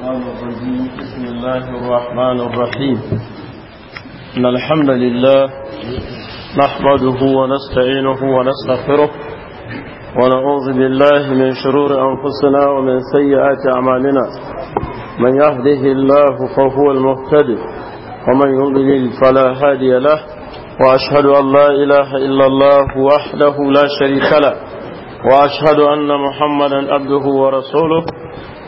بسم الله الرحمن الرحيم إن الحمد لله نحمده ونستعينه ونستغفره ونعوذ بالله من شرور أنفسنا ومن سيئات أعمالنا من يهده الله فهو المهتد ومن يضلل فلا هادي له وأشهد أن لا إله إلا الله وحده لا شريك له وأشهد أن محمدا عبده ورسوله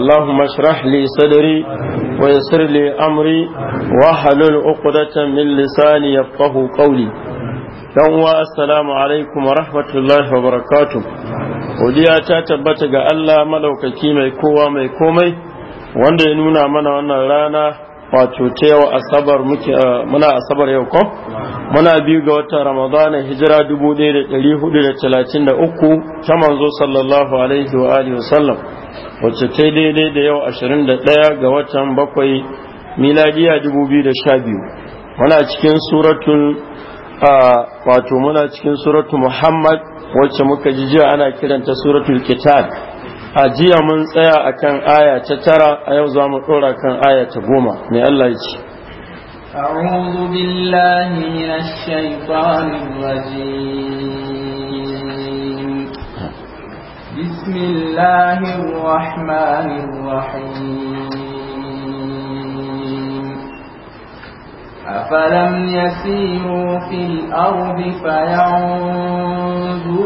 اللهم اشرح لي صدري ويسر لي أمري واحلل عقدة من لساني يفقه قولي يوم السلام عليكم ورحمة الله وبركاته وديا تتبتغ الله ملوككي ميكوى ميكومي wanda ya nuna mana wannan rana wato ta yau asabar muke eh, muna asabar yau ko muna biyu ga watan ramadana hijira 1433 ta manzo sallallahu alaihi wa alihi wasallam wacce ta daidai da yau 21 ga watan bakwai miladiya 2012 muna cikin suratul wato muna cikin suratul muhammad wacce muka ji jiya ana kiranta suratul kitab a jiya mun tsaya akan aya ta tara a yau za mu ɗora kan aya ta goma mai Allah ya ce أعوذ بالله من الشيطان الرجيم بسم الله الرحمن الرحيم أفلم يسيروا في الأرض فينظروا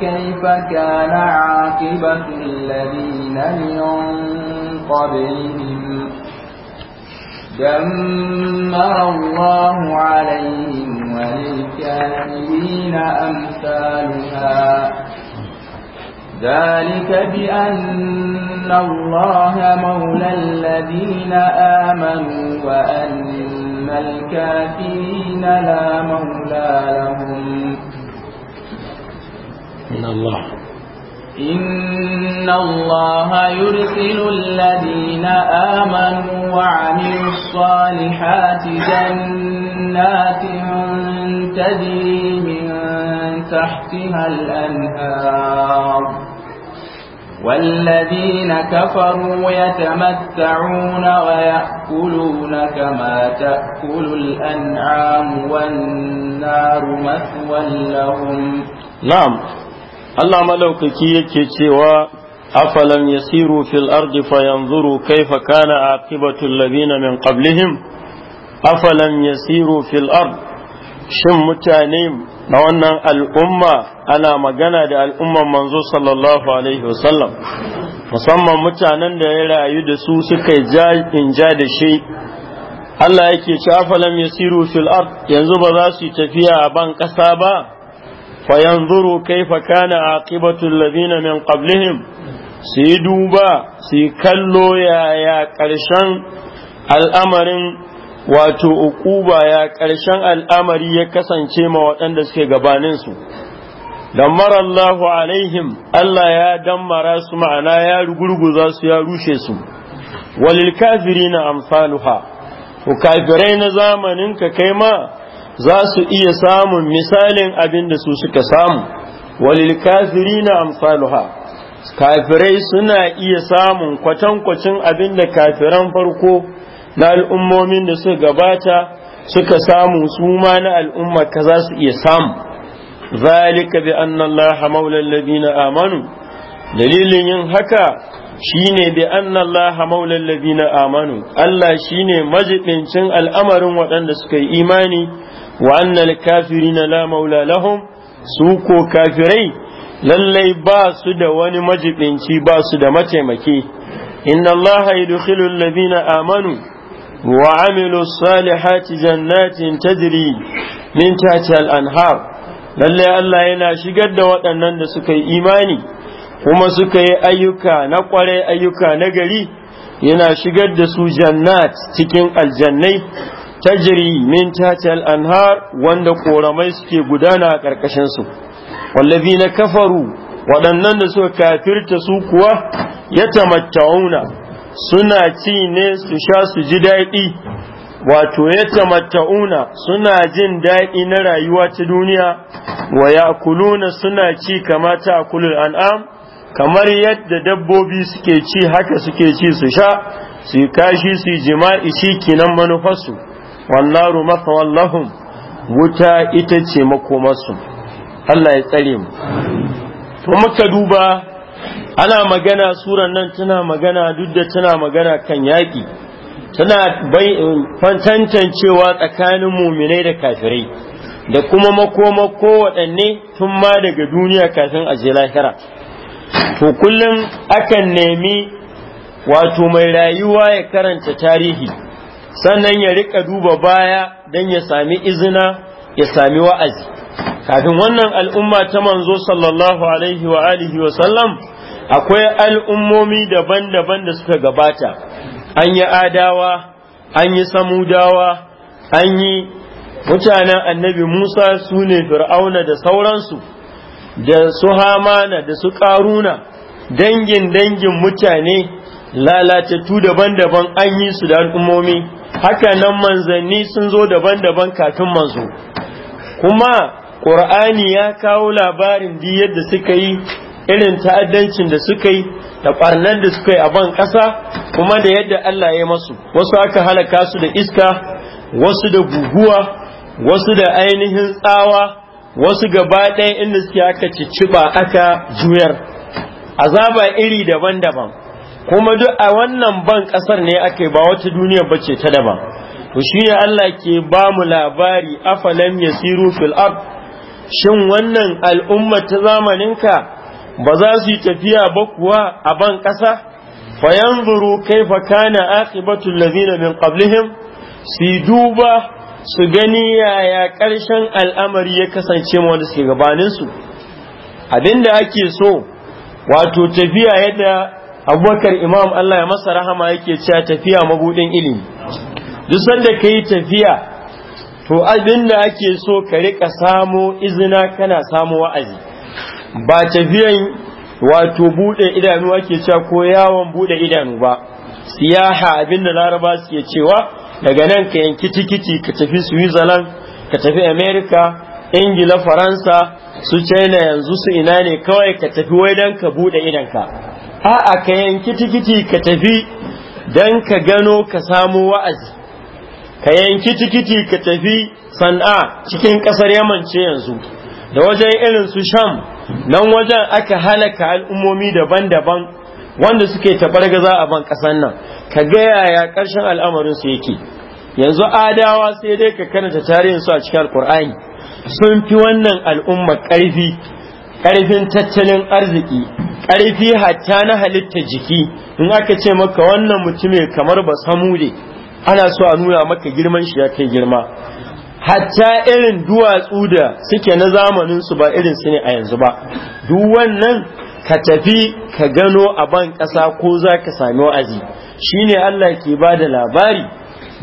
كيف كان عاقبة الذين من قبلهم دمر الله عليهم وللكافرين أمثالها ذلك بأن الله مولى الذين آمنوا وأن الكافرين لا مولى لهم إن الله إن الله يرسل الذين آمنوا وعملوا الصالحات جنات تجري من تحتها الأنهار والذين كفروا يتمتعون ويأكلون كما تأكل الأنعام والنار مثوى لهم نعم Allah malaukaki yake cewa afalam yasiru fil ardi fayanzuru kaifa kana aqibatu alladhina min qablihim afalam yasiru fil ard shin mutane na wannan al'umma ana magana da al'umman manzo sallallahu alaihi wasallam musamman mutanen da ya rayu da su suka ja da shi Allah yake ci afalam yasiru fil ard yanzu ba za su tafiya a ban kasa ba fayanzuru kaifa kana aqibatul ladina min qablihim su yi duba su yi kallo yaya ƙarshen al'amarin wato uquba ya ƙarshen al'amari ya kasance ma waɗanda suke gabaninsu Da Allahu alaihim Allah ya dammara su ma'ana ya rugurguza su ya rushe su walil kafiri na amsaluha to kafirai na zamanin ka kai ma za su iya samun misalin abin da su suka samu walil kafirina amsaluha kafirai suna iya samun kwacin abin da kafiran farko na al'ummomin da suka gabata suka samu su ma na al'umma ka za su iya samu zalika bi anna allaha maulal amanu dalilin yin haka shine bi anna allaha maulal amanu Allah shine majibincin al'amarin waɗanda suka yi imani Wa'annan kafiri na la maulalahum lahum su ko kafirai lallai ba su da wani majibinci ba su da mataimaki inna Allah yudkhilu alladhina amanu wa amilu salihati jannatin tajiri min tahtiha al-anhar lallai Allah yana shigar da waɗannan da suka yi imani kuma suka yi ayyuka na ƙwarai ayyuka na gari yana shigar da su jannat cikin aljannai tajri min tatal anhar wanda koramai suke gudana a karkashin su wallazina kafaru waɗannan da suka kafirta su kuwa yatamatta'una suna ci ne su sha su ji daɗi wato yatamatta'una suna jin daɗi na rayuwa ta duniya wa ya'kuluna suna ci kama ta kulul an'am kamar yadda dabbobi suke ci haka suke ci su sha su kashi su jima'i shi kinan manufarsu wallaru masawal wuta ita ce makomarsu Allah ya tsare mu to muka duba ana magana suran nan tana magana duk da tana magana kan yaƙi tana tantancewa tsakanin muminai da kafirai da kuma makoma kowaɗanne tun ma daga duniya kafin a je lahira to kullum akan nemi wato mai rayuwa ya karanta tarihi sannan ya rika duba baya don ya sami izina ya sami wa'azi kafin wannan al'umma ta manzo sallallahu alaihi wa alihi wa sallam akwai al'ummomi daban-daban da suka gabata an yi adawa an yi samudawa an yi mutanen annabi musa su ne fir'auna da sauransu da su hamana da su ƙaruna dangin dangin mutane lalatattu daban-daban an yi su da al'ummomi haka nan manzanni sun zo daban-daban kafin manzo kuma ƙur'ani ya kawo labarin di yadda suka yi irin ta'addancin da suka yi da ɓarnar da suka yi a ban ƙasa kuma da yadda Allah ya masu wasu aka halaka su da iska wasu da guguwa wasu da ainihin tsawa wasu gaba ɗaya inda suke aka ciciba aka juyar azaba iri daban-daban kuma duk a wannan ban kasar ne ake ba wata duniya ce ta daban to shine Allah ke ba mu labari afalam yasiru fil ard shin wannan al'umma ta zamanin ka ba za su yi tafiya ba kuwa a ban kasa fayanzuru kaifa kana aqibatul ladina min qablihim su duba su gani yaya ƙarshen al'amari ya kasance wanda suke gabaninsu abinda ake so wato tafiya yadda abubakar imam Allah ya masa rahama yake cewa tafiya mabudin ilimi duk sanda ka yi tafiya to abin da ake so ka rika samu izina kana samo wa'azi ba tafiyan wato bude idanu ake cewa ko yawon bude idanu ba siyaha abin da laraba suke cewa daga nan ka yanki tikiti ka tafi switzerland ka tafi america ingila faransa su china yanzu su ina ne kawai ka tafi wai dan ka bude idanka a'a ka yanki tikiti ka tafi don ka gano ka samu wa'azi ka yanki tikiti ka tafi sana'a cikin ƙasar yaman ce yanzu da wajen irin su sham nan wajen aka halaka al'ummomi daban-daban wanda suke taɓargaza a ban ƙasar nan ka gaya ya karshen al'amarin su yake yanzu adawa sai dai ka karanta tarihin su a cikin alkur'ani sun fi wannan al'umma ƙarfi ƙarfin tattalin arziki ƙarfi hatta na halitta jiki in aka ce maka wannan mutumin kamar ba ne ana so a nuna maka girman shi ya kai girma hatta irin duwatsu da suke na zamanin su ba irin su ne a yanzu ba duk wannan ka tafi ka gano a ban ƙasa ko za ka sami wa'azi shine Allah ke ba da labari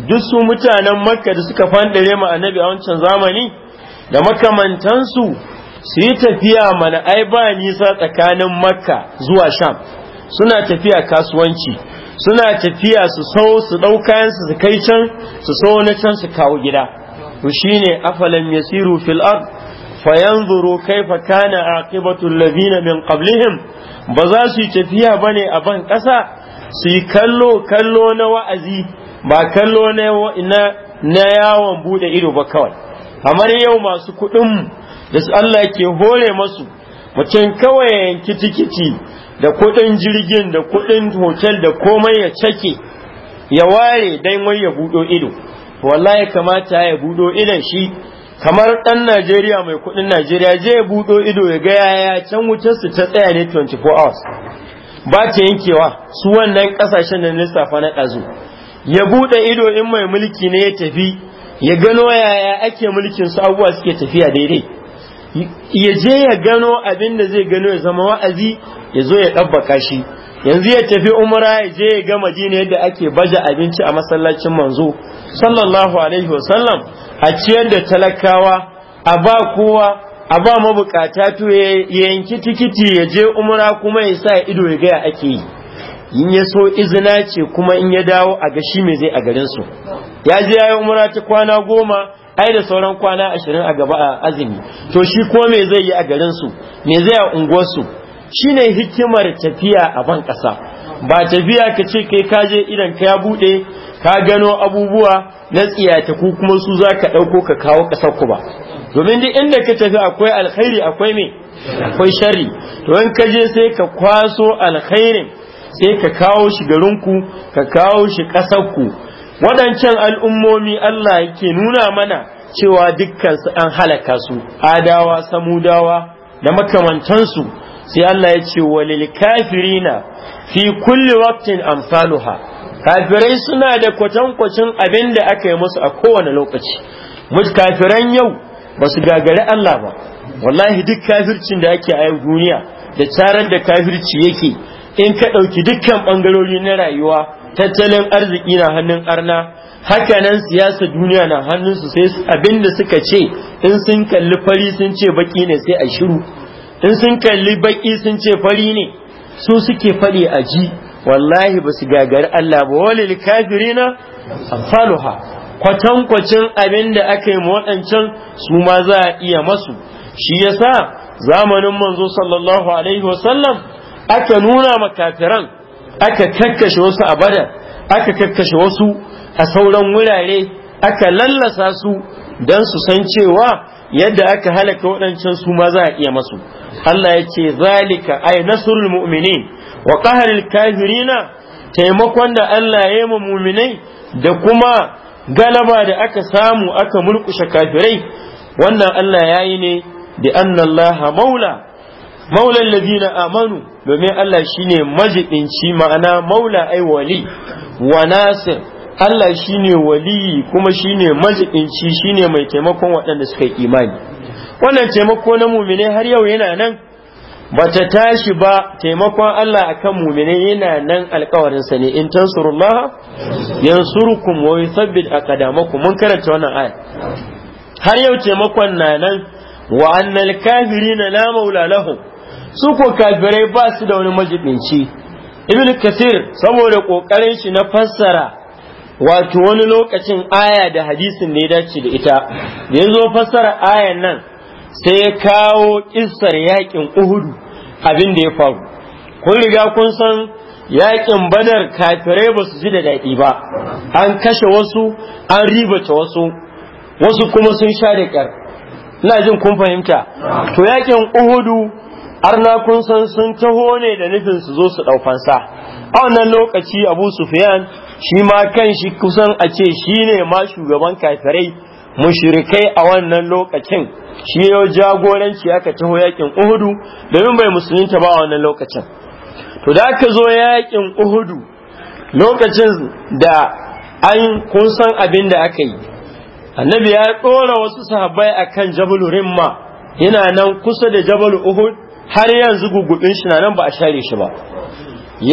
duk su mutanen makka da suka fandare ma annabi a wancan zamani da makamantansu su tafiya mana ai ba nisa tsakanin makka zuwa sham suna tafiya kasuwanci suna tafiya su sau su ɗau kayansu su kai can su sau na can su kawo gida to shine afalam yasiru fil ard fayanzuru kaifa kana aqibatu allazina min qablihim ba za su yi tafiya bane a ban ƙasa su yi kallo kallo na wa'azi ba kallo na na yawon bude ido ba kawai kamar yau masu kuɗin mu. da su Allah ke hore masu mutum kawai yanki tikiti da kuɗin jirgin da kuɗin hotel da komai ya cake ya ware dai wai ya budo ido wallahi kamata ya budo idon shi kamar ɗan Najeriya mai kuɗin Najeriya je ya budo ido ya ga yaya can wutarsu ta tsaya ne 24 hours ba ta yankewa su wannan ƙasashen da lissafa na ɗazu ya buɗe ido in mai mulki ne ya tafi ya gano yaya ake mulkin su abubuwa suke tafiya daidai ya je ya gano abin da zai gano ya zama wa'azi ya zo ya ɗabbaka shi yanzu ya tafi umara ya je ya gama jini yadda ake baje abinci a masallacin manzo sallallahu alaihi wasallam a ciyar da talakawa a ba kowa a ba mabukata to ya yanki tikiti ya je umara kuma ya sa ido ya gaya ake yi in ya so izina ce kuma in ya dawo a ga shi me zai a garinsu? su ya je ya yi umara ta kwana goma ai da sauran kwana ashirin a gaba a azumi to shi ko me zai yi a garin su me zai a unguwarsu shine hikimar tafiya a ban ƙasa ba tafiya ka ce kai ka je idan ka ya buɗe ka gano abubuwa na tsiyata ku kuma su za ka ɗauko ka kawo ƙasar ku ba domin duk inda ka tafi akwai alkhairi akwai me akwai shari to in ka je sai ka kwaso alkhairin sai ka kawo shi garinku ka kawo shi ƙasarku waɗancan al'ummomi Allah yake nuna mana cewa dukkansu an halaka su adawa samudawa da makamantansu sai Allah ya ce wa kafirina fi kulli waktin amsaluha kafirai suna da kwatankwacin abin da aka yi musu a kowane lokaci Mut kafiran yau ba su gagari Allah ba wallahi duk kafircin da ake a duniya da tarar da kafirci yake in ka ɗauki dukkan ɓangarori na rayuwa tattalin arziki na hannun arna hakanan siyasa duniya na hannunsu sai abinda suka ce in sun kalli fari sun ce baki ne sai a shiru in sun kalli baki sun ce fari ne su suke faɗi a ji wallahi ba su gagari Allah ba wali na amfaluha kwatankwacin abin da aka yi waɗancan su ma za a iya masu shi yasa zamanin manzo sallallahu alaihi wasallam aka nuna makafiran aka kakkashe wasu a Bada, aka kakkashe wasu a sauran wurare aka lallasa su don su san cewa yadda aka halaka waɗancan su ma za a iya masu Allah ya ce zalika ay nasrul mu'minin wa qahril kafirina taimakon da Allah ya yi mu'minai da kuma galaba da aka samu aka mulkushe kafirai wannan Allah ya yi ne da annallaha maula maula alladhina amanu domin Allah shine majibinci ma'ana maula ai wali wa nasir Allah shine wali kuma shine majibinci shine mai taimakon waɗanda suka yi imani wannan taimako na mumine har yau yana nan bata tashi ba taimakon Allah akan mumine yana nan alkawarin sa ne in tansurullah yansurukum wa yuthabbit aqdamakum mun karanta wannan aya har yau taimakon na nan wa annal kafirina la maula lahum su ko kafirai ba su da wani majibinci ibn kasir saboda kokarin shi na fassara wato wani lokacin aya da hadisin da ya dace da ita da ya zo fassara ayan nan sai ya kawo kissar yakin uhudu abin da ya faru kun riga kun san yakin badar kafirai ba su ji da daɗi ba an kashe wasu an ribata wasu wasu kuma sun sha da ƙyar ina jin kun fahimta to yakin uhudu arna kun san sun taho ne da nufin su zo su ɗaufansa a wannan lokaci abu sufyan shi ma kan shi kusan a ce shi ne ma shugaban kafirai mushrikai a wannan lokacin shi ya jagoranci aka taho yakin uhudu domin bai musulunta ba a wannan lokacin to da aka zo yakin uhudu lokacin da an kun san abin da aka yi annabi ya ɗora wasu sahabbai akan jabal rimma yana nan kusa da jabal uhud har yanzu gugubin shi na nan ba a share shi ba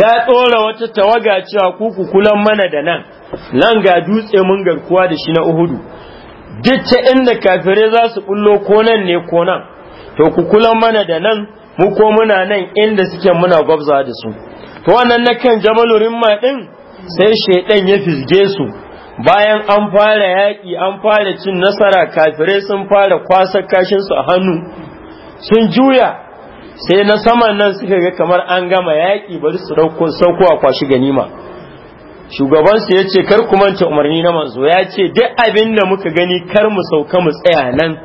ya tsora wata tawaga cewa kuku kulan mana da nan nan ga dutse mun garkuwa da shi na uhudu duk ta inda kafirai za su bullo ko nan ne ko nan to ku kulan mana da nan mu ko muna nan inda suke muna gwabza da su to wannan na kan jamalurin ma din sai shaidan ya fisge su bayan an fara yaƙi an fara cin nasara kafirai sun fara kwasa kashin su a hannu sun juya sai na saman nan suka ga kamar an gama yaƙi bari su ɗauko sauko a kwashi ganima shugabansu ya ce kar ku manta umarni na manzo ya ce duk abin da muka gani kar mu sauka mu tsaya nan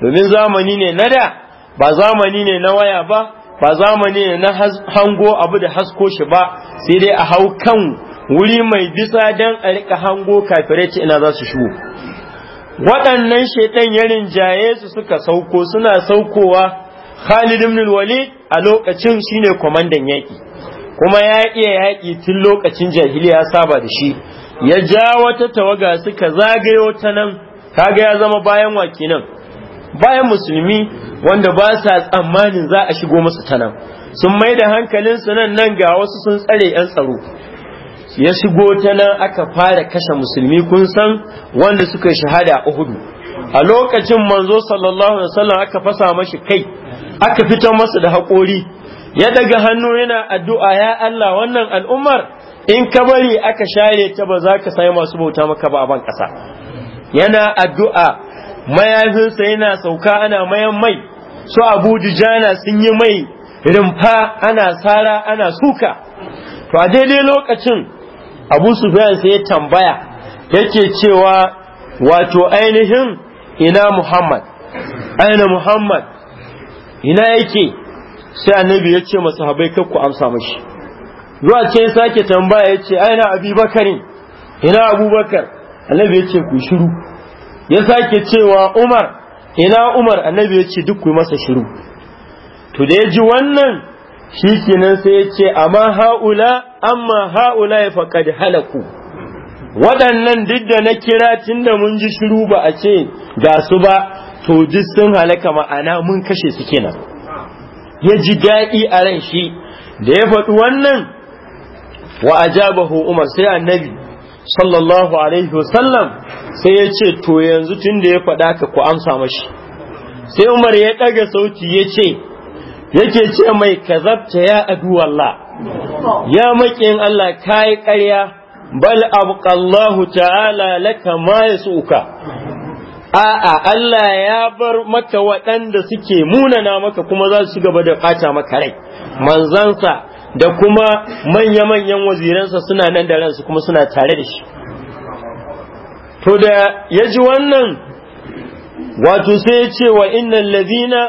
domin zamani ne na da ba zamani ne na waya ba ba zamani ne na hango abu da hasko shi ba sai dai a hau kan wuri mai bisa don a rika hango kafirai ce ina za su shigo waɗannan shaidan ya rinjaye su suka sauko suna saukowa Khalid ibn Walid a lokacin shine kwamandan yaƙi kuma ya iya yaƙi tun lokacin jahiliya saba da shi ya ja wata tawaga suka zagayo ta nan kaga ya zama bayan waki nan bayan musulmi wanda ba sa tsammanin za a shigo musu ta nan sun mai da su nan nan ga wasu sun tsare 'yan tsaro ya shigo ta nan aka fara kashe musulmi kun san wanda suka shahada a Uhudu a lokacin manzo sallallahu alaihi wasallam aka fasa mashi kai aka fito masa da hakori. ya daga hannu yana addu'a ya Allah wannan al'ummar in ka bari aka share ta ba za ka sai masu bauta maka ba a ban ƙasa yana addu'a mayafinsa yana sauka ana mayan mai su abu jana sun yi mai rumfa ana sara ana suka to a daidai lokacin abu sufyan sai ya tambaya yake cewa wato ainihin ina muhammad aina muhammad ina yake sai annabi ya ce masu habai kakku amsa mashi zuwa ce ya sake tambaya ya ce aina abubakar ina abubakar annabi ya ce ku shiru ya sake cewa umar ina umar annabi ya ce duk ku masa shiru to da ya ji wannan shi kenan sai ya ce amma ha'ula amma ha'ula ya da halaku waɗannan duk da na kira tun da mun ji shiru ba a ce ga su ba to duk sun halaka ma'ana mun kashe su kenan ya ji daɗi a ran shi da ya faɗi wannan wa ajabahu umar sai annabi sallallahu alaihi wasallam sai ya ce to yanzu tun da ya faɗa ka ku amsa mashi sai umar ya ɗaga sauti ya ce yake ce mai kazabta ya adu Allah, ya maƙin Allah kayi ƙarya bal abqallahu ta'ala laka ma yasuka a'a Allah ya bar maka waɗanda suke munana maka kuma za su gaba da ɓata maka rai manzansa da kuma manya-manyan waziransa suna nan da ransu kuma suna tare da shi to da ya ji wannan wato sai ya ce wa innan lazina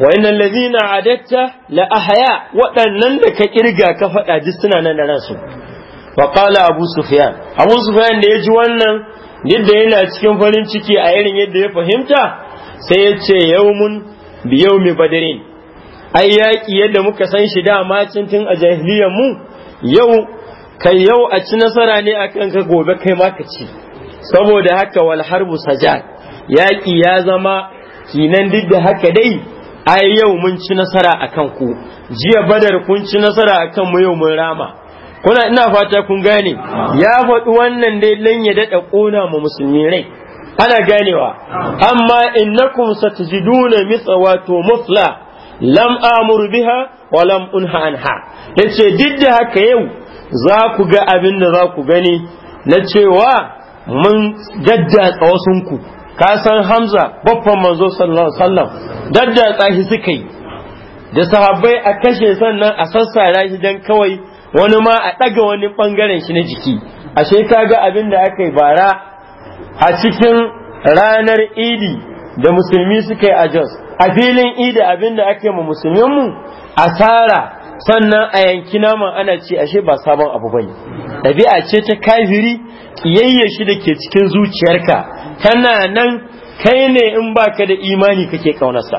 wa innan lazina adatta la ahaya waɗannan da ka kirga ka faɗa ji suna nan da ransu wa abu sufyan abu sufyan da ya ji wannan duk yana cikin farin ciki a irin yadda ya fahimta sai ya ce biyo mi badirin ai yaƙi yadda muka san shi dama cin tun a jahiliyar mu yau kai yau a ci nasara ne akan ka gobe kai ma ka ci saboda haka wal harbu sajad yaƙi ya zama kinan duk da haka dai ai yau mun ci nasara akan ku jiya badar kun ci nasara akan mu yau mun rama kuna ina fata kun gane ya faɗi wannan dai dan ya daɗa ƙona ma musulmi rai ana ganewa amma innakum satajiduna mitsa wato mufla lam amuru biha wa lam unha anha yace duk da haka yau za ku ga abin da za ku gani na cewa mun daddatsa ku ka san hamza babban manzo sallallahu alaihi wasallam daddatsa shi suka yi da sahabbai a kashe sannan a sassara shi dan kawai wani ma a ɗaga wani ɓangaren shi na jiki ashe ka ga abin da aka yi bara a cikin ranar idi da musulmi suka yi a jos a filin idi abin da ake ma musulminmu asara sannan a yanki naman ana ce ashe ba sabon abu ba ne ɗabi'a ce ta kafiri ƙiyayya shi da ke cikin zuciyarka kana nan kai ne in baka da imani kake ƙaunarsa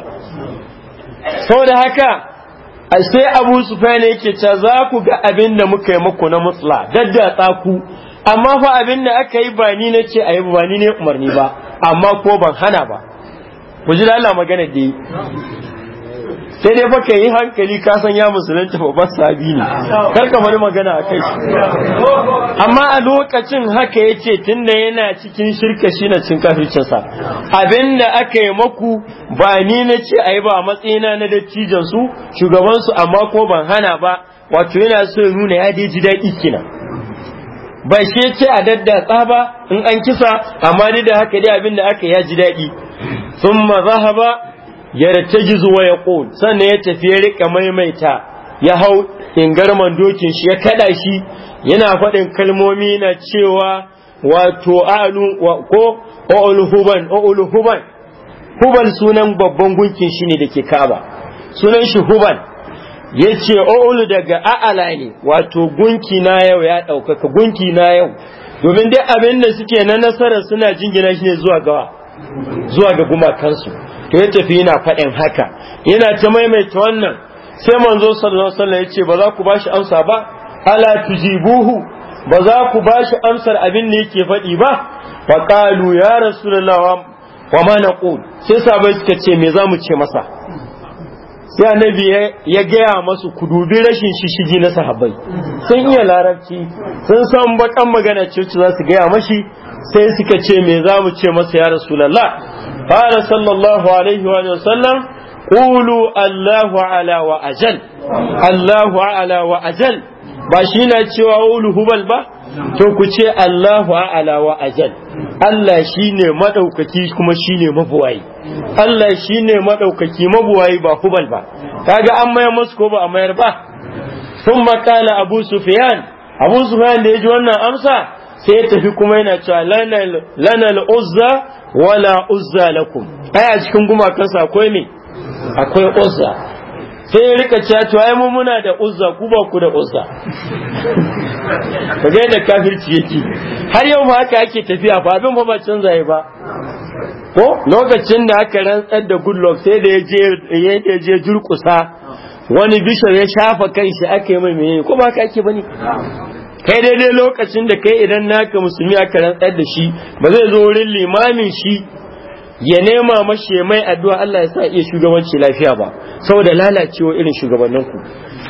sau da haka sai abu sufyan yake cewa za ku ga abin da muka yi muku na mutla daddatsa tsaku amma fa abin da aka yi ba ni nace a yi ba ni ne umarni ba amma ko ban hana ba ku ji da Allah magana da yi sai dai baka yi hankali ka san ya musulunta ba sabi ne kar ka bari magana a kai amma a lokacin haka yace tunda yana cikin shirka shi na cin kafircin sa abinda aka yi maku ba ni na ce ayi ba matsayina na dattijan su shugaban su amma ko ban hana ba wato yana so ya nuna ya ji daɗi kina ba shi ce a daddatsa ba in an kisa amma dai da haka dai abinda aka ya ji daɗi sun mazahaba ya zuwa ya yaqul sannan ya tafi ya riƙa maimaita ya hau ingarman dokin shi ya kaɗa shi yana faɗin kalmomi na cewa wato alu ko uluhuban huban. hubal sunan babban gunkin shi ne da ke kaba sunan shi huban. ya ce ulu daga a'ala ne wato gunki na yau ya ɗaukaka gunki na yau domin dai abin da suke na nasarar suna jingina shi ne zuwa gawa zuwa ga gumakansu to ya tafi yana faɗin haka yana ta maimaita wannan sai manzo sallallahu alaihi wasallam ya ba za ku bashi amsa ba ala tujibuhu ba za ku bashi amsar abin da yake faɗi ba fa qalu ya rasulullah wa ma naqul sai sabai suka ce me za mu ce masa sai annabi ya gaya masu ku dubi rashin shishigi na sahabbai sun iya larabci sun san bakan magana ce za su gaya mashi sai suka ce me za mu ce masa ya rasulallah fara sallallahu alaihi wa sallam qulu allahu ala wa ajal allahu ala wa ajal ba shi na cewa ulu hubal ba to ku ce allahu ala wa ajal Allah shi ne kuma shi ne mabuwayi Allah shine ne maɗaukaki mabuwayi ba hubal ba kaga an mayar masu ko ba a mayar ba sun makala abu sufiyan abu sufiyan da ya ji wannan amsa sai ya tafi kuma yana cewa lanal uzza wala uzza lakum ai a cikin gumakansa akwai me akwai uzza sai ya rika cewa to ai mu muna da uzza ku ba ku da uzza kaga da kafirci yake har yau ba haka ake tafiya ba abin ba ba canza ba ko lokacin da aka rantsar da goodluck sai da ya je je jurkusa wani bishar ya shafa kanshi aka yi mai meye ko ba haka ake bane kai daidai lokacin da kai idan naka musulmi aka rantsar da shi ba zai zo wurin limamin shi ya nema mashi mai addu'a Allah ya sa iya shugabanci lafiya ba saboda lalacewa irin shugabannin ku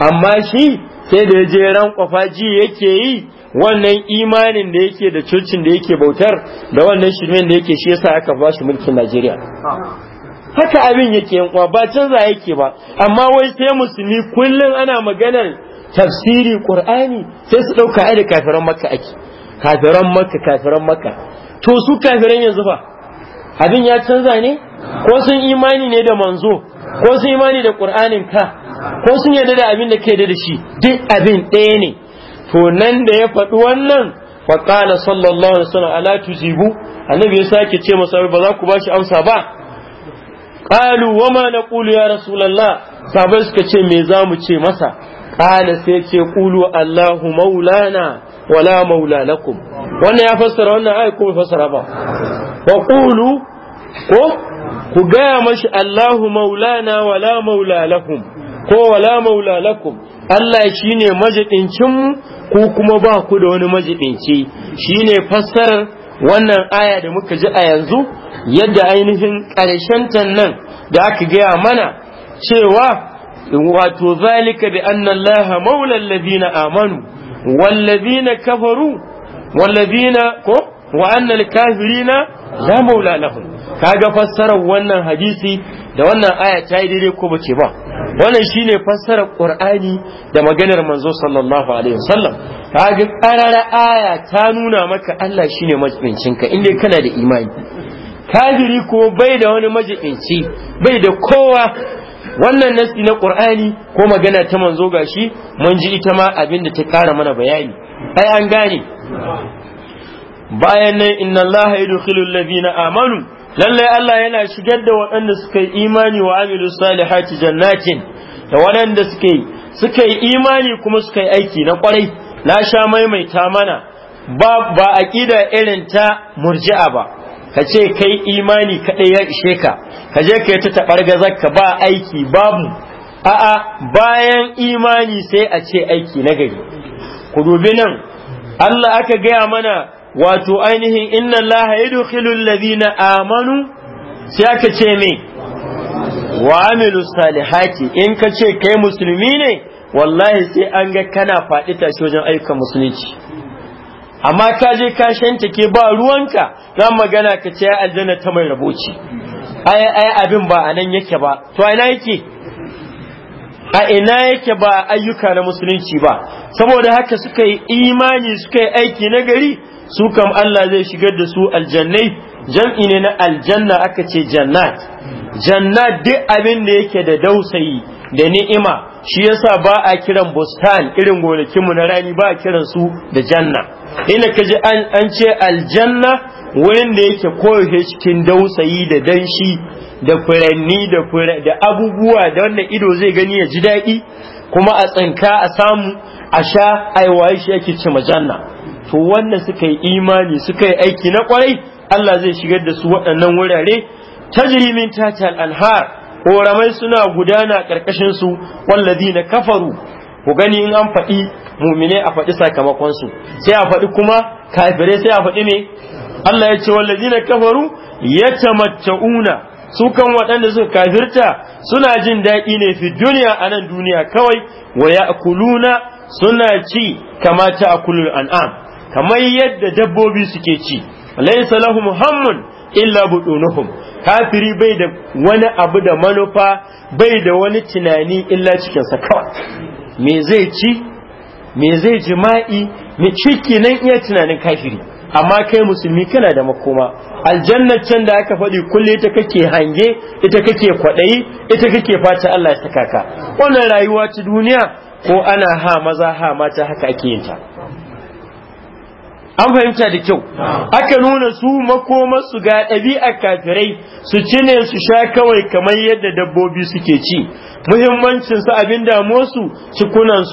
amma shi sai da yaje je ran kwafa ji yake yi wannan imanin da yake da cocin da yake bautar da wannan shirmen da yake shi yasa aka ba shi mulkin Najeriya haka abin yake yan ba canza yake ba amma wai sai musulmi kullum ana maganar tafsiri qur'ani sai su dauka ai da kafiran makka ake kafiran makka kafiran makka to su kafiran yanzu fa abin ya canza ne ko sun imani ne da manzo ko sun imani da qur'anin ka ko sun yarda da abin da ke da shi duk abin ɗaya ne to nan da ya faɗi wannan qala sallallahu alaihi wasallam ala tuzibu annabi ya sake ce masa ba za ku bashi amsa ba qalu wama naqulu ya rasulullah sabai suka ce me za mu ce masa qala sai ce qulu allahu maulana wala maula lakum wannan ya fassara wannan ai kuma fassara ba wa qulu ko ku gaya mashi allahu maulana wala maula lakum ko wala maula lakum Allah shine majidincin mu ko kuma ba ku da wani majidinci shine fassarar wannan aya da muka ji a yanzu yadda ainihin ƙarshen nan da aka gaya mana cewa wato zalika bi anna allaha maula allazina amanu wallazina kafaru wallazina ko wa anna alkafirina la maula lahum kaga fassarar wannan hadisi da wannan aya ta yi daidai ko bace ba wannan shine fassarar qur'ani da maganar manzo sallallahu alaihi wasallam kaga karara aya ta nuna maka Allah shine majibincinka indai kana da imani kafiri ko bai da wani majibinci bai da kowa wannan nasi na qur'ani ko magana ta manzo gashi mun ji ita ma abin da ta kara mana bayani ai an gane bayan nan inna allaha yudkhilul alladhina amanu lallai Allah yana shigar da waɗanda suka yi imani wa amilu salihati jannatin da waɗanda suka yi suka yi imani kuma suka yi aiki na kwarai na sha maimaita mana ba ba aqida irin ta murji'a ba ka ce kai imani kaɗai ya ishe ka ka je ka yi ta taɓar ka ba aiki babu a'a bayan imani sai a ce aiki na gari ku dubi nan Allah aka gaya mana wato ainihin inna Allah ya dukhilul ladina amanu sai aka ce me wa amilu salihati in ka ce kai musulmi ne wallahi sai an ga kana faɗi tashi wajen ayyukan musulunci amma ka je ka shanta ke ba ruwanka za magana ka ce aljanna ta mai raboci ai ai abin ba anan yake ba to ina yake a ina yake ba ayyuka na musulunci ba saboda haka suka yi imani suka yi aiki na gari su kam Allah zai shigar da su aljannai jam'i ne na aljanna aka ce jannat jannat duk abin da yake da dausayi da ni'ima shi yasa ba a kiran bustan irin gonakinmu na rani ba a kiran su da janna ina ka ji an ce aljanna wurin da yake koyaushe cikin dausayi da danshi da furanni da abubuwa da wanda ido zai gani ya ji daɗi kuma a tsinka a samu a sha aiwaye shi ake ce majanna to wanda suka yi imani suka yi aiki na kwarai Allah zai shigar da su waɗannan wurare tajrimin tatal anhar koramai suna gudana ƙarƙashin su wallazi na kafaru ku gani in an faɗi mumine a faɗi sakamakon su sai a faɗi kuma kafirai sai a faɗi ne Allah ya ce wallazi na kafaru yatamatta'una su kan waɗanda suka kafirta suna jin daɗi ne fi duniya a nan duniya kawai wa ya'kuluna suna ci kamata a akulul an'am kamar yadda dabbobi suke ci laysa lahum hammun illa butunuhum kafiri bai da wani abu da manufa bai da wani tunani illa cikinsa kawai me zai ci me zai jima'i me ciki nan iya tunanin kafiri amma kai musulmi kana da makoma aljannar can da aka faɗi kulle ita kake hange ita kake kwaɗayi ita kake fata Allah ya saka ka wannan rayuwa ta duniya ko ana ha maza ha mata haka ake yin ta an fahimta da kyau aka nuna su makoma su ga ɗabi'ar kafirai su ci ne su sha kawai kamar yadda dabbobi suke ci muhimmancin su abin damo su cikunan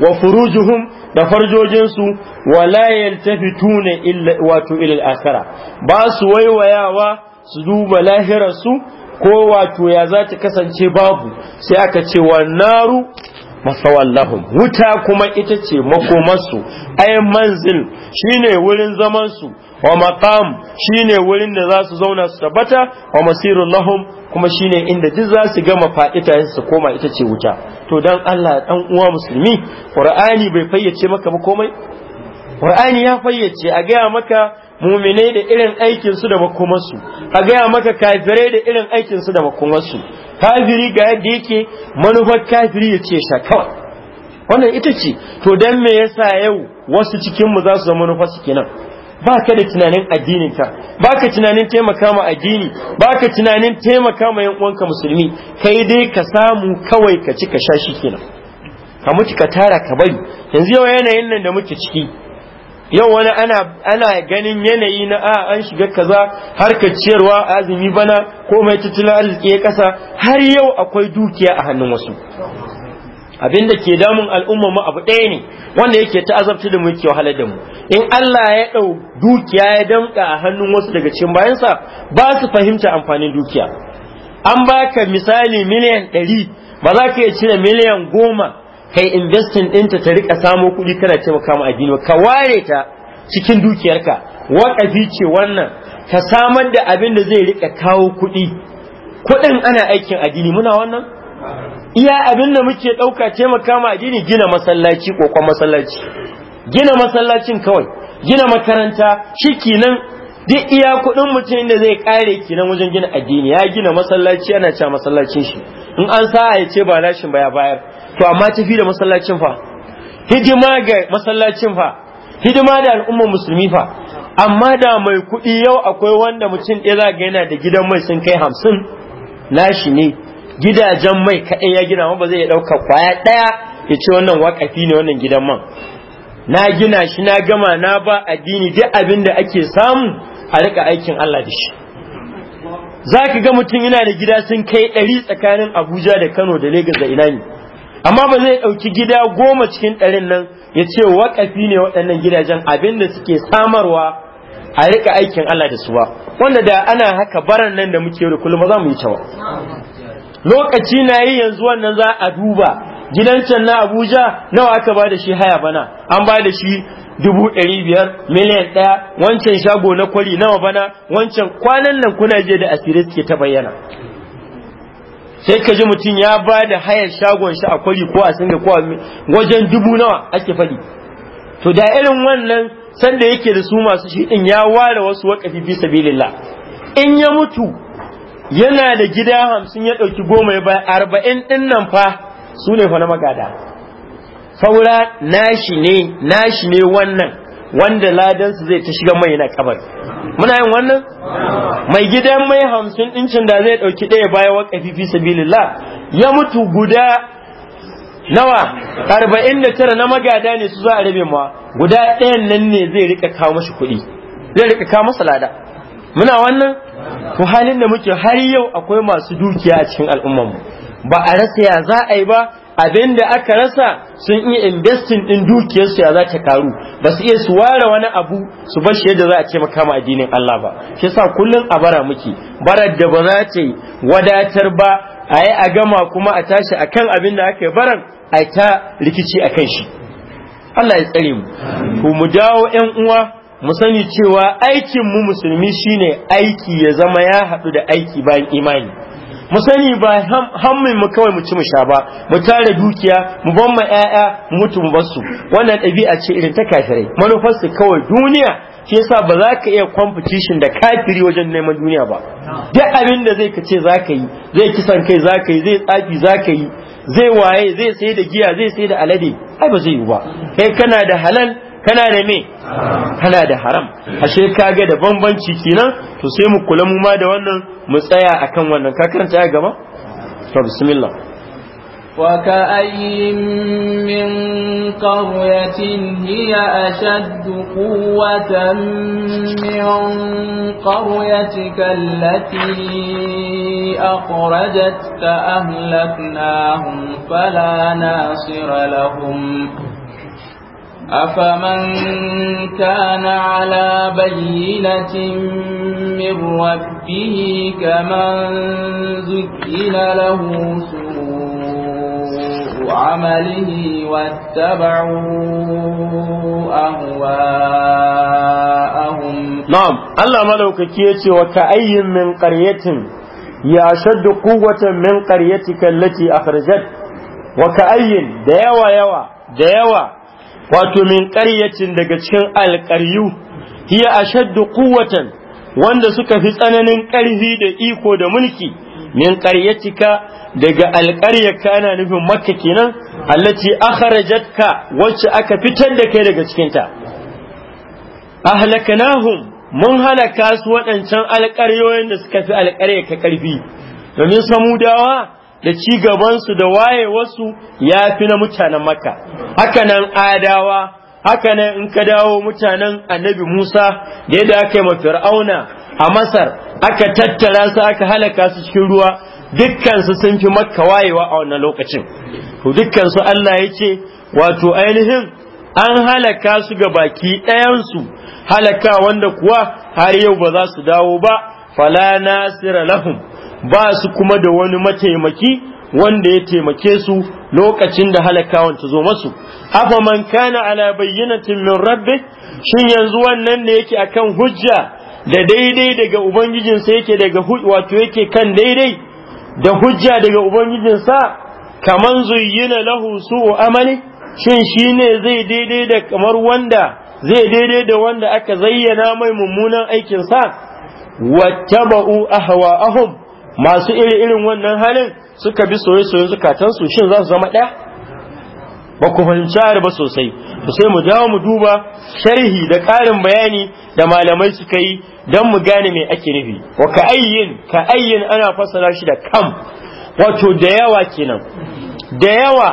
wa furujuhum da farjojin su wa yaltafituna illa wato ila al ba su waiwayawa su duba lahirar su ko wato ya za ta kasance babu sai aka ce wa naru lahum wuta kuma ita ce makomarsu ay manzil shine wurin zamansu, su wa maqam shine wurin da za su zauna su tabbata wa masirul lahum kuma shine inda duk za su gama fa'ita su koma ita ce wuta to dan Allah dan uwa musulmi qur'ani bai fayyace maka ba komai qur'ani ya fayyace a gaya maka muminai da irin aikinsu da bakumansu a gaya maka kafirai da irin aikinsu da bakumansu kafiri ga yadda yake manufar kafiri ya ce sha kawai wannan ita ce to dan me yasa yau wasu cikin mu za su zama manufar su kenan ka da tunanin addinin ka baka tunanin taimaka ma addini ka tunanin taimaka ma yan uwanka musulmi kai dai ka samu kawai ka ci ka sha shi kenan ka mutu ka tara ka bari yanzu yau yanayin nan da muke ciki yau wani ana ganin yanayi na a an shiga kaza harkar ciyarwa azumi bana ko mai tattalin arziki ya kasa har yau akwai dukiya a hannun wasu abinda ke damun al'umma mu abu ɗaya ne wanda yake ta'azabta da mu yake wahalar da mu in Allah ya ɗau dukiya ya damƙa a hannun wasu daga cikin bayansa ba su fahimta amfanin dukiya an baka misali miliyan ɗari ba za ka iya cire miliyan goma kai investing ɗinta ta rika samo kuɗi kana taimaka ma addini ka ware ta cikin dukiyarka waƙafi ce wannan ka samar da abin da zai rika kawo kuɗi kuɗin ana aikin addini muna wannan iya abin da muke ɗauka taimaka ma addini gina masallaci kokon masallaci gina masallacin kawai gina makaranta shikenan duk iya kuɗin mutum da zai kare kenan wajen gina addini ya gina masallaci ana cewa masallacin shi in an sa ya ce ba nashin ba ya bayar to amma tafi da masallacin fa hidima ga masallacin fa hidima da al'ummar musulmi fa amma da mai kuɗi yau akwai wanda mutum ɗaya za ga yana da gidan mai sun kai hamsin nashi ne gidajen mai kaɗai ya gina ba zai ɗauka kwaya ɗaya ya ce wannan wakafi ne wannan gidan man na gina shi na gama na ba addini duk abin da ake samu a rika aikin Allah da shi za ka ga mutum yana da gida sun kai ɗari tsakanin abuja da kano da Legas da inani amma ba zai ɗauki gida goma cikin ɗarin nan ya ce waƙafi ne waɗannan gidajen abinda suke samarwa a rika aikin Allah da su ba wanda da ana haka baran nan da muke da kullum za mu yi cewa lokaci na yi yanzu wannan za a duba gidan can na Abuja nawa aka ba da shi haya bana an ba da shi dubu ɗari biyar miliyan ɗaya wancan shago na kwari nawa bana wancan kwanan nan kuna je da asirai suke ta bayyana sai ka ji mutum ya ba da hayar shagon shi a kwari ko a singa ko wajen dubu nawa ake faɗi to da irin wannan sanda yake da su masu shi din ya ware wasu waƙafi fi sabilillah in ya mutu yana da gida hamsin ya ɗauki goma ya bayan arba'in ɗin nan fa su ne fa na magada saura nashi ne nashi ne wannan wanda ladansu zai ta shiga mai na kabar muna yin wannan mai gidan mai hamsin ɗincin da zai ɗauki ɗaya baya wakafi fi sabilillah ya mutu guda nawa arba'in da tara na magada ne su za a rabe ma guda ɗayan nan ne zai rika kawo mashi kuɗi zai rika kawo masa lada muna wannan to halin da muke har yau akwai masu dukiya a cikin al'ummar mu ba a rasa ya za a yi ba abin da aka rasa sun iya investin din dukiyarsu ya za ta karu ba su iya su ware wani abu su bar shi yadda za a ce makama addinin Allah ba shi yasa kullun a bara muke barar da ba za ta wadatar ba a yi a gama kuma a tashi akan abin da aka yi baran a ta rikici akan shi Allah ya tsare mu ku mu dawo 'yan uwa mu sani cewa aikin mu musulmi shine aiki ya zama ya haɗu da aiki bayan imani mu sani ba hammin mu kawai mu ci mu sha ba mu tare dukiya mu ban ma ƴaƴa mu mutu mu basu wannan ɗabi'a ce irin ta kafirai manufar su kawai duniya ke yasa ba za ka iya competition da kafiri wajen neman duniya ba duk abin da zai kace za ka yi zai kisan kai za ka yi zai tsafi za ka yi zai waye zai sai da giya zai sai da alade ai ba zai yi ba kai kana da halal kana da me kana da haram ashe kage da bambanci kenan to sai mu kula mu ma da wannan mu tsaya akan wannan ka karanta ya gaba to bismillah وكأي من قرية هي أشد قوة من قريتك التي أخرجتك أهلكناهم فلا ناصر لهم أفمن كان على بينة من ربه كمن زكين له سوء عمله واتبعوا أهواءهم نعم الله ملوك كيتي وكأي من قرية يشد قوة من قريتك التي أخرجت وكأي ديوى يوى ديوى wato min ƙaryacin daga cikin alƙaryu hiya ashaddu quwwatan wanda suka fi tsananin ƙarfi da iko da mulki min ƙaryatika daga alƙaryarka ana nufin makka kenan allati akhrajatka wacce aka fitar da kai daga cikinta ahlaknahum mun halaka su waɗancan alƙaryoyin da suka fi alƙaryarka ƙarfi domin samudawa da ci gabansu da wasu ya fi na mutanen maka nan adawa haka nan in ka dawo mutanen annabi musa da yadda aka yi ma fir'auna a masar aka tattara su aka halaka su cikin ruwa dukkansu sun fi maka wayewa a wannan lokacin to dukkansu allah ya ce wato ainihin an halaka su ga baki ɗayansu halaka wanda kuwa har yau ba za su dawo ba fala nasira lahum ba su kuma da wani mataimaki wanda ya taimake su lokacin da halakawan ta zo masu afa man kana ala bayyinatin min rabbi shin yanzu wannan ne yake akan hujja da daidai daga ubangijinsa yake daga wato yake kan daidai da hujja daga ubangijin sa kaman zuyyina lahu su'u amali shin shine zai daidai da kamar wanda zai daidai da wanda aka zayyana mai mummunan aikin aikinsa wattaba'u ahwa'ahum masu iri irin wannan halin suka bi soye-soyen zukatansu shin za su zama ɗaya ba ku fahimci har ba sosai to sai mu dawo mu duba sharhi da ƙarin bayani da malamai suka yi don mu gane me ake nufi wa ka ayyin ka ayyin ana fassara shi da kam wato da yawa kenan da yawa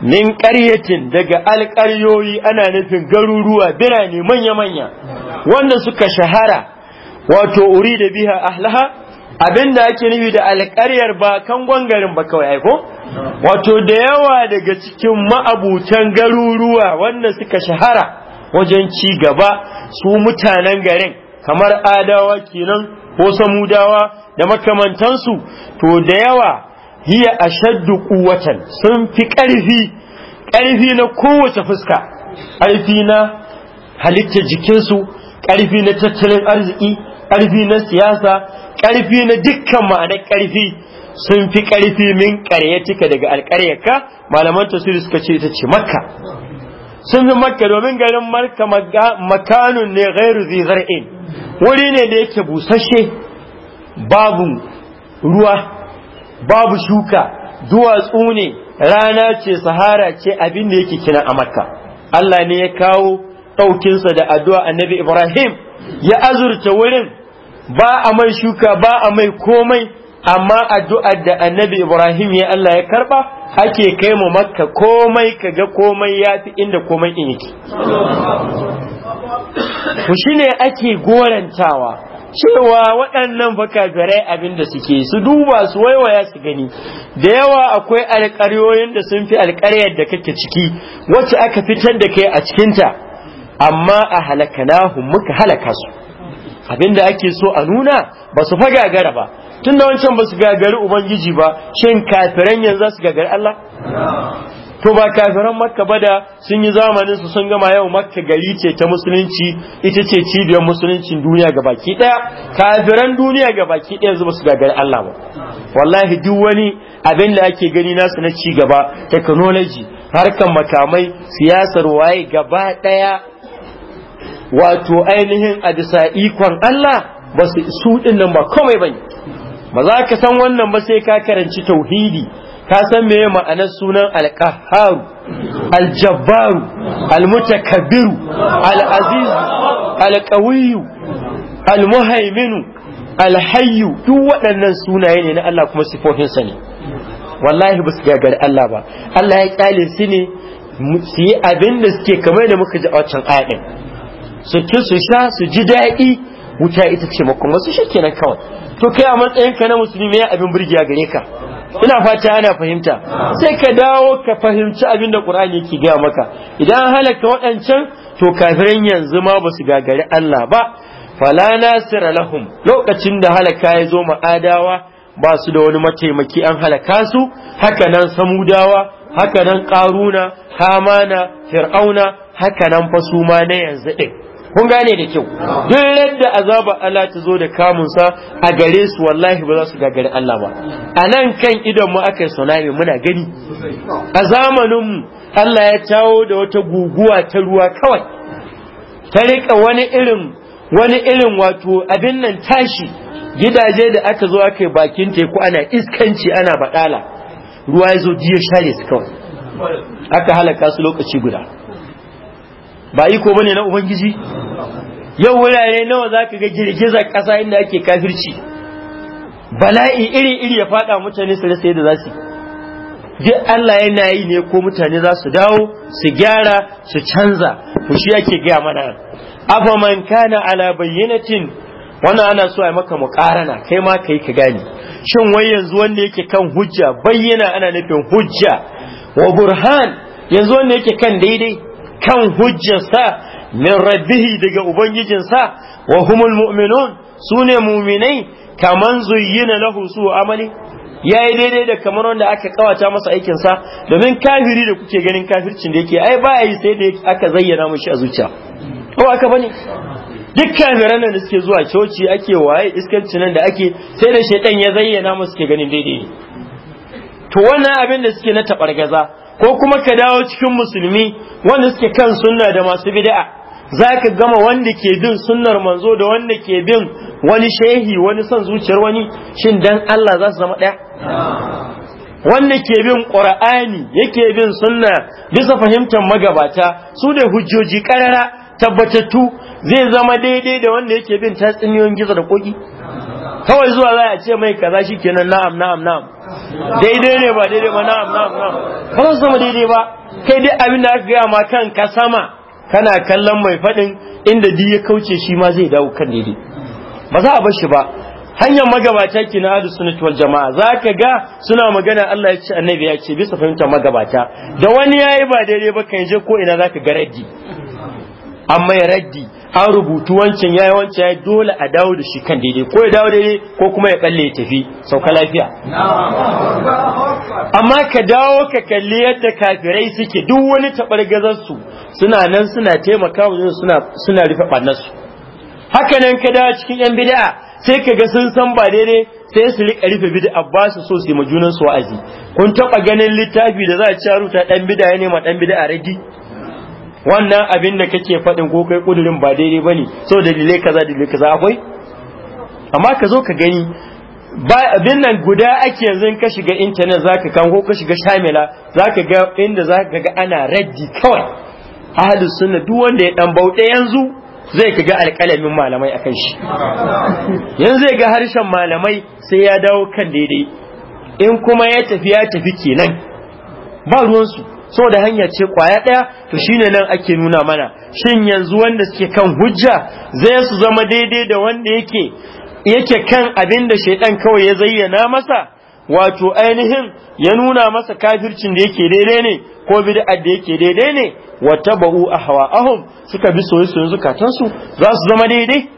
min ƙaryatin daga alƙaryoyi ana nufin garuruwa birane manya-manya wanda suka shahara wato uri da biha ahlaha abin da ake nufi da alƙaryar ba kangon garin ba kawai aiko wato da yawa daga cikin ma'abutan garuruwa wanda suka shahara wajen ci gaba su mutanen garin kamar adawa kenan ko samudawa da makamantansu to da yawa hiya ashaddu quwwatan sun fi ƙarfi ƙarfi na kowace fuska ƙarfi na halitta jikinsu ƙarfi na tattalin arziki ƙarfi na siyasa karfi na dukkan ma'anar karfi sun fi ƙarfi min cika daga ka malaman tasiri suka ce ita ce makka sun fi makka domin garin marka makanun ne gairu zizar'in wuri ne da yake busashe babu ruwa babu shuka duwatsu ne rana ce sahara ce abin da yake kina a makka Allah ne ya kawo ɗaukinsa da addu'a annabi Ibrahim ya azurta wurin ba a mai shuka ba a mai komai amma addu'ar da annabi Ibrahim ya Allah ya karba ake kai mu makka komai kaga komai ya fi inda komai in yake ku shine ake gorantawa cewa waɗannan bakafirai abin da suke su duba su waiwaya su gani da yawa akwai alƙaryoyin da sun fi alƙaryar da kake ciki wacce aka fitar da kai a cikinta amma a halakanahum muka halaka su abinda ake so a nuna ba su gagara ba tun da wancan ba su gagari ubangiji ba shin kafiran yanzu za su gagari Allah to ba kafiran makka ba da sun yi zamanin su sun gama yau makka gari ce ta musulunci ita ce cibiyar musuluncin duniya ga baki daya kafiran duniya ga baki daya yanzu ba su gagari Allah ba wallahi duk wani abin da ake gani nasu na ci gaba technology harkan makamai siyasar waye gaba daya wato ainihin a bisa ikon Allah ba su su nan ba komai bane ba za ka san wannan ba sai ka karanci tauhidi ka san meye ma'anar sunan Al-muta, al-aziz al almutakabbir alaziz muhaymin al-hayy duk waɗannan sunaye ne na Allah kuma sa ne wallahi ba su gari Allah ba Allah ya kyale su ne su yi abin da suke kamar da muka ji a wancan ayatin su ci su sha su ji daɗi wuta ita ce makon wasu shi kenan kawai to kai a matsayin ka na musulmi ya abin burgiya gare ka ina fata ana fahimta sai ka dawo ka fahimci abin da qur'ani yake gaya maka idan halaka waɗancan to kafirin yanzu ma ba su gagari Allah ba fala nasira lahum lokacin da halaka ya zo ma'adawa ba su da wani mataimaki an halaka su haka nan samudawa haka nan karuna hamana fir'auna haka nan fa su na yanzu din kun gane da kyau duk yadda azaba Allah ta zo da kamunsa a gare su wallahi ba za su gagari Allah ba a nan kan idan mu aka tsunami muna gani a zamanin mu Allah ya tawo da wata guguwa ta ruwa kawai ta rika wani irin wani irin wato abin nan tashi gidaje da aka zo aka yi bakin teku ana iskanci ana badala ruwa ya zo jiya share su kawai aka halaka su lokaci guda ba iko bane na ubangiji yau wurare nawa zaka ga girgizar ƙasa inda ake kafirci bala'i iri iri ya fada mutane su rasa yadda za su duk Allah yana yi ne ko mutane za su dawo su gyara su canza to shi ake gaya mana afa man kana ala bayyinatin wannan ana so a maka muƙarana kai ma kai ka gane shin wai yanzu wanda yake kan hujja bayyana ana nufin hujja wa burhan yanzu wanda yake kan daidai kan hujjarsa min rabbihi daga ubangijinsa wa humul mu'minun su ne muminai kaman zuyyina lahu su amali ya yi daidai da kamar wanda aka kawata masa aikinsa domin kafiri da kuke ganin kafircin da yake ai baya yi sai da aka zayyana mushi a zuciya ko aka bane duk kafiran nan da suke zuwa coci ake waye iskanci nan da ake sai da shaitan ya zayyana musu ke ganin daidai ne to wannan abin da suke na tabargaza ko kuma ka dawo cikin musulmi wanda suke kan sunna da masu bid'a za ka gama wanda ke bin sunnar manzo da wanda ke bin wani shehi wani son zuciyar wani shin dan Allah za su zama ɗaya wanda ke bin ƙur'ani yake bin sunna bisa fahimtar magabata su da hujjoji ƙarara tabbatattu zai zama daidai da wanda yake bin tatsuniyoyin gizo da koki kawai zuwa za a ce mai kaza shi kenan na'am na'am na'am daidai ne ba daidai ba na'am na'am na'am ba za su zama daidai ba kai dai abin da aka gaya ma ka sama kana kallon mai faɗin inda duk ya kauce shi ma zai dawo kan daidai ba za a bar shi ba hanyar magabata ki na ahlus sunnah wal jamaa zaka ga suna magana Allah ya ce annabi ya ce bisa fahimtar magabata da wani yayi ba daidai ba kan je ko ina zaka ga raddi an mai raddi an rubutu wancan yayi wancan yayi dole a dawo da shi kan daidai ko ya dawo daidai ko kuma ya kalle ya tafi sauka lafiya amma ka dawo ka kalli yadda kafirai suke duk wani gazan su suna nan suna taimaka wajen suna suna rufe bannan su haka nan ka dawo cikin yan bid'a sai ka ga sun san ba daidai sai su rika rufe bid'a ba su so su yi ma junan su wa'azi kun taba ganin littafi da za a ci rubuta dan bid'a ne ma dan bid'a radi wannan abin da kake faɗin ko kai kudurin ba daidai ba ne so dalilai kaza dalilai kaza akwai amma ka zo ka gani ba abin nan guda ake yanzu ka shiga intanet zaka kan ko ka shiga shamila za ka ga inda zaka ga ana raddi kawai ahlus sunna duk wanda ya dan bauɗe yanzu zai ka ga alƙalamin malamai akan shi yanzu zai ga harshen malamai sai ya dawo kan daidai in kuma ya tafi ya tafi kenan ba ruwansu so da hanya ce kwaya ɗaya to shine nan ake nuna mana shin yanzu wanda suke kan hujja zai su zama daidai da wanda yake yake kan abin da shaidan kawai ya zayyana masa wato ainihin ya nuna masa kafircin da yake daidai ne ko bid'a da yake daidai ne wa tabahu ahwa'ahum suka bi soyayyen su? za su zama daidai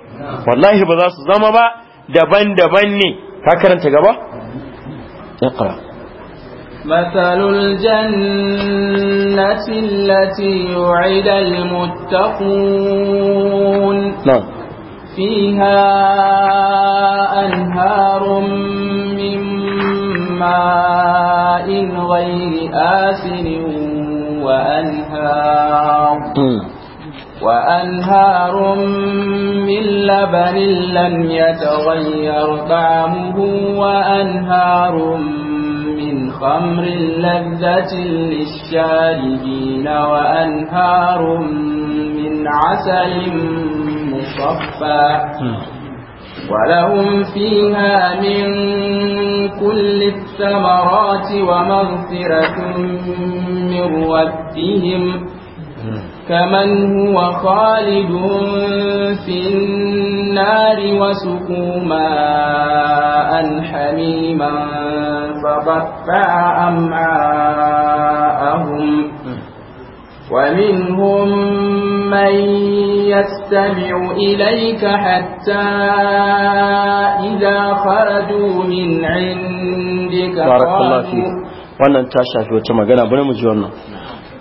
wallahi ba za su zama ba daban-daban ne ka karanta gaba iqra مثل الجنة التي يعد المتقون نعم فيها أنهار من ماء غير آسن وأنهار وأنهار من لبن لم يتغير طعمه وأنهار من من خمر لذة للشاربين وأنهار من عسل مصفى ولهم فيها من كل الثمرات ومغفرة من ربهم كمن هو خالد في النار وسقوا ماء حميما فقطع أمعاءهم ومنهم من يستمع إليك حتى إذا خرجوا من عندك بارك الله فيك وانا ta في وجه magana بنا mu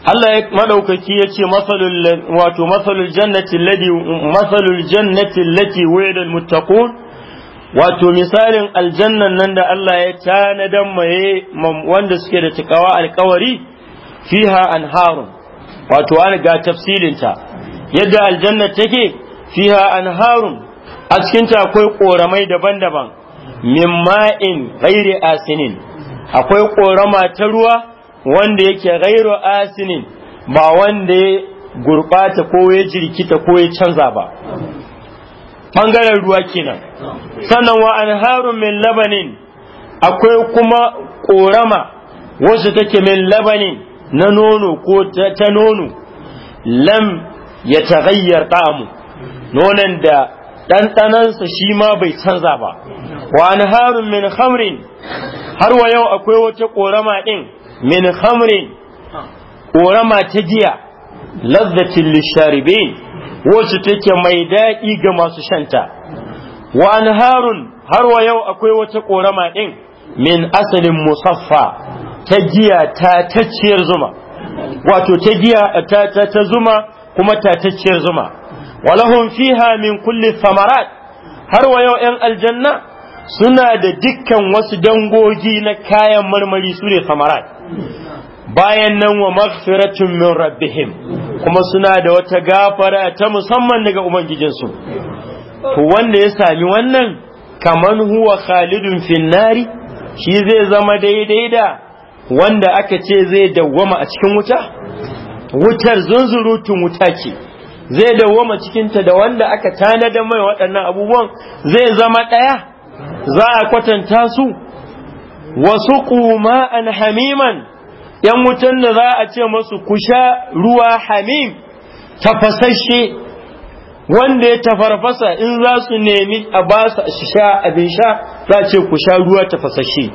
Allah ya madaukaki ya ce wato masalul jannati ladi masalul jannati lati muttaqun wato misalin aljanna nan da Allah ya tanadan maye wanda suke da tikawa alkawari fiha anharun wato an ga ta yadda aljanna take fiha anharun a cikin ta akwai koramai daban-daban min ma'in ghairi asinin akwai korama ta ruwa wanda yake ghairu asinin ba wanda ya gurɓata ko ya jirkita ko ya canza ba bangaren ruwa kenan sannan wa harun min labanin akwai kuma ƙorama wasu take min labanin na nono ko ta nono lam ya tagayyar ta'amu nonon da ɗanɗanansa shi ma bai canza ba wa harun min khamrin har wa yau akwai wata ƙorama ɗin min khamrin ƙorama ta giya lazzatin lisharibin wacce take mai daɗi ga masu shanta wa harun har wa yau akwai wata ƙorama ɗin min asalin musaffa ta giya ta tacciyar zuma wato ta giya ta ta zuma kuma ta tacciyar zuma walahun fiha min kulli thamarat har wa yau ‘yan aljanna suna da dukkan wasu dangogi na kayan marmari su ne samarat bayan nan wa magfiratun min rabbihim kuma suna da wata gafara ta musamman daga ubangijinsu to wanda ya sami wannan kaman huwa khalidun finnari shi zai zama daidai da wanda aka ce zai dawwama a cikin wuta wutar zunzurutun wuta ce zai dawwama cikinta da wanda aka tanada mai waɗannan abubuwan zai zama ɗaya za a kwatanta su wasu ma'an hamiman ‘yan wutan da za a ce masu kusha ruwa hamim tafasashe wanda ya tafarfasa in za su nemi a ba su sha abin sha za a ce ku sha ruwa tafasashe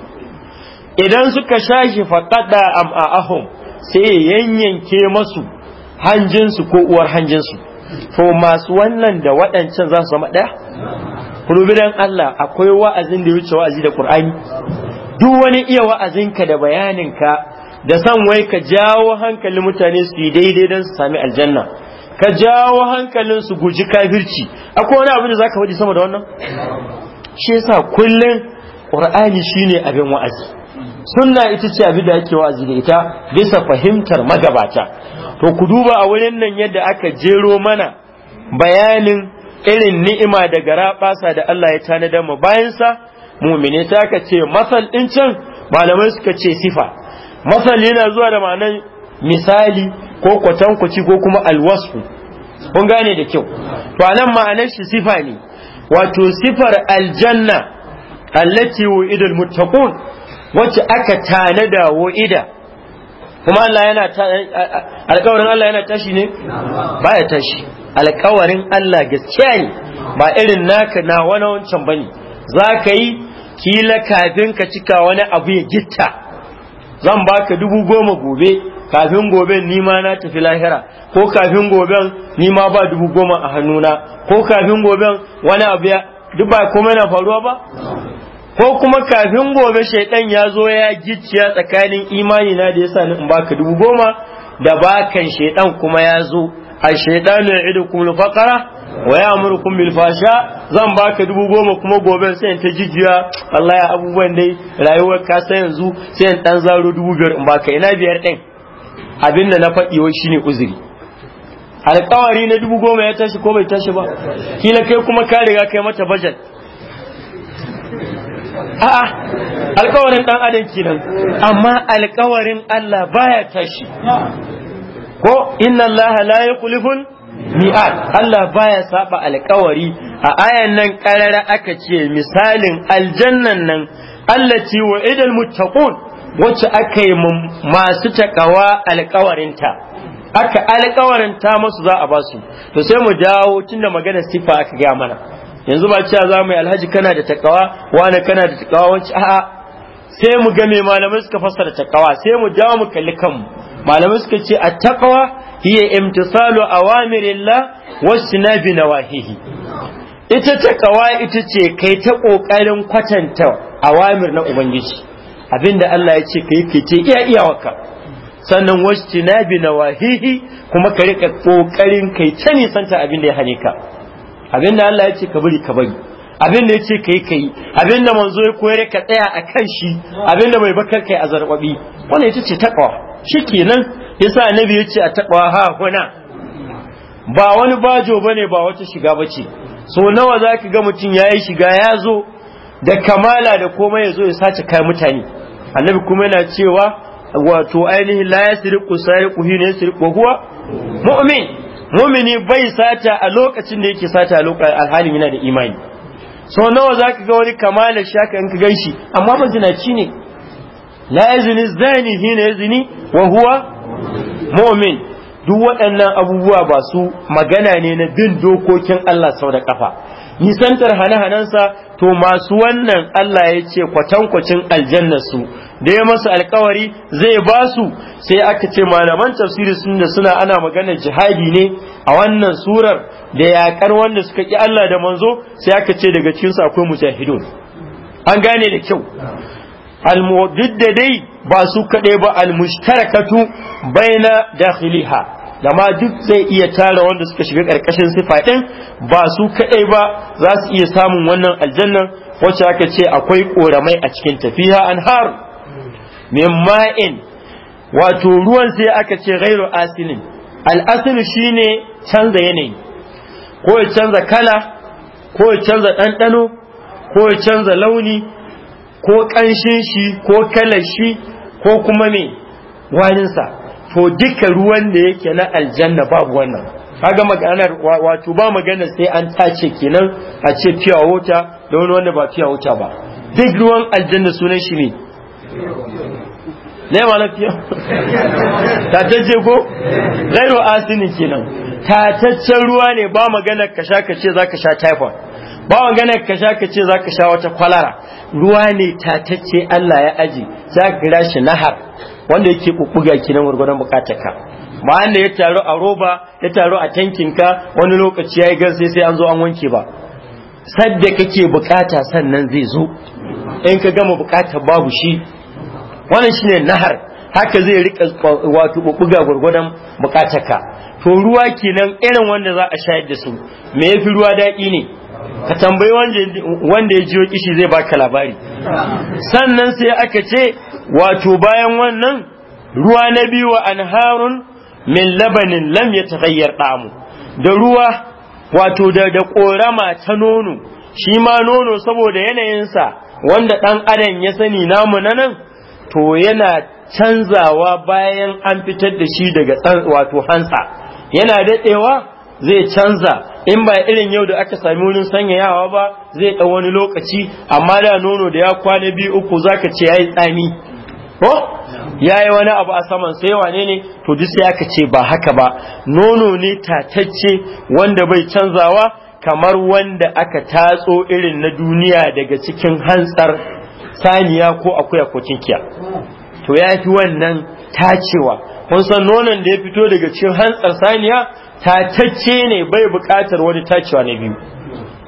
idan suka sha shi faɗaɗa am'a'ahum sai ya yanyanke masu hanjinsu ko uwar hanjinsu to masu wannan da waɗancan za su zama ɗaya? rubidan Allah akwai wa'azin da ya wuce wa'azi da ƙur'ani. duk wani iya wa'azinka da bayaninka da san wai ka jawo hankalin mutane su yi daidai don su sami aljanna ka jawo hankalin su guji kafirci akwai wani abu da zaka faɗi sama da wannan shi yasa kullum qur'ani shine abin wa'azi sunna ita ce abin da ake wa'azi da ita bisa fahimtar magabata to ku duba a wurin nan yadda aka jero mana bayanin irin ni'ima da gara da Allah ya tanadar mu sa. mumini sai aka ce masal din can malamai suka ce sifa masal yana zuwa da ma'anar misali ko kwatankwaci ko kuma alwasu kun gane da kyau to anan ma'anar shi sifa ne wato sifar aljanna allati wu'idul muttaqun wacce aka tanada ida. kuma Allah yana alƙawarin Allah yana tashi ne baya tashi alƙawarin Allah gaskiya ne ba irin naka na wani wancan bane za ka yi kila kafin ka cika wani abu ya gitta zan baka dubu goma gobe kafin ni nima na tafi lahira ko kafin ni nima ba dubu goma a hannuna ko kafin gobe wani abu ya duk ba kuma na faruwa ba ko kuma kafin gobe shaidan ya zo ya gicciya tsakanin imani na da yasa ni in baka dubu goma da bakan shaidan kuma ya zo a shaidan ya idu kuma faqara wa ya'murukum bil fasha zan baka dubu goma kuma gobe sai ta jijiya Allah ya abubuwan dai rayuwar ka sai yanzu sai dan zaro dubu biyar in baka ina biyar din Abinda na faɗi wai shine uzuri alƙawari na dubu goma ya tashi ko bai tashi ba kila kai kuma ka riga kai mata bajet a'a alƙawarin dan adam kenan amma alƙawarin Allah baya tashi ko inna Allah la yukhliful mi'ad Allah baya saba alkawari a ayan nan karara aka ce misalin aljannan nan Allah ce wa idal muttaqun wacce aka yi masu takawa alkawarinta aka alkawarinta masu za a basu to sai mu dawo tunda magana sifa aka gaya mana yanzu ba cewa za mu yi alhaji kana da takawa wani kana da takawa wacce a'a sai mu ga me malamai suka fassara takawa sai mu dawo mu kalli kanmu malamai suka ce at taqwa hiya imtisalu awamirillah wasnabi nawahihi ita takawa ita ce kai ta kokarin kwatanta awamir na ubangiji abinda Allah ya ce kai kai ce iya iyawarka sannan wasnabi nawahihi kuma ka rika kokarin kai ta nisanta abinda ya hane ka abinda Allah ya ce ka bari ka bari abin da yace kai kai abin da manzo ya koyar ka tsaya a kan shi abin da mai bakar kai a zarbabi wannan ita ce taqwa shikenan yasa annabi yace a taqwa ha huna ba wani bajo ba ne ba wata shiga bace so nawa zaki ga mutum yayi shiga ya zo da kamala da komai ya zo ya sace kai mutane annabi kuma yana cewa wato ainihin la yasriqu sariqu ya yasriqu huwa mu'min mumini bai sata a lokacin da yake sata a lokacin alhalin yana da imani so nawa za ka ga wani kamalar shaka in ka gan shi amma ba zinaci ne la izini zani hina izini wa huwa mu'min duk waɗannan abubuwa ba su magana ne na bin dokokin Allah sau da kafa nisantar hane-hanensa to masu wannan Allah ya ce kwatankwacin aljannarsu da ya masu alkawari zai ba su sai aka ce malaman tafsiri sun da suna ana magana jihadi ne a wannan surar da yakar wanda suka ki Allah da manzo sai aka ce daga cikinsu akwai mujahidun an gane da kyau duk da dai ba su kaɗai ba almushtarakatu baina dakhiliha da duk zai iya tara wanda suka shiga ƙarƙashin sifa ɗin ba su kaɗai ba za su iya samun wannan aljannan wacce aka ce akwai ƙoramai a cikin tafiya an har min ma'in wato ruwan sai aka ce ghairu asilin al'asilu shine canza yanayi ko ya canza kala ko ya canza ɗanɗano ko ya canza launi ko ƙanshin shi ko kalar shi ko kuma me waninsa to duka ruwan da yake na aljanna babu wannan kaga maganar wato ba magana sai an tace kenan a ce fiya wuta da wani wanda ba fiya wuta ba duk ruwan aljanna sunan shi ne ne ma lafiya tatacce ko gairo asini kenan tataccen ruwa ne ba magana ka sha ka ce zaka sha typhoid ba magana ka sha ka ce zaka sha wata kwalara ruwa ne tatacce Allah ya aji za ka shi nahar wanda yake kubuga ki na gwargwadon bukatarka ma'an da ya taru a roba ya taru a tankin ka wani lokaci ya yi garse sai an zo an wanke ba sadda kake bukata sannan zai zo in ka gama bukatar babu shi wannan shine nahar haka zai rika wato bubuga gwargwadon bukatarka to ruwa kenan irin wanda za a shayar da su me yafi ruwa daɗi ne ka tambayi wanda ya jiyo kishi zai baka labari sannan sai aka ce wato bayan wannan ruwa na biyu wa anharun min labanin lam ya tagayyar mu. da ruwa wato da da korama ta nono shi ma nono saboda yanayinsa wanda ɗan adam ya sani namu na nan to yana canzawa bayan an fitar da shi daga wato hansa yana daɗewa zai canza in ba irin yau da aka sami wurin sanyayawa ba zai ɗau wani lokaci amma da nono da ya kwana biyu uku zaka ce yayi tsami ko ya yi wani abu a saman sai wane ne to duk sai aka ce ba haka ba nono ne tatacce wanda bai canzawa kamar wanda aka tatso irin na duniya daga cikin hantsar saniya ko akuya ko to ya fi wannan tacewa kun san nonon da ya fito daga cikin hantsar saniya tatacce ne bai buƙatar wani tacewa na biyu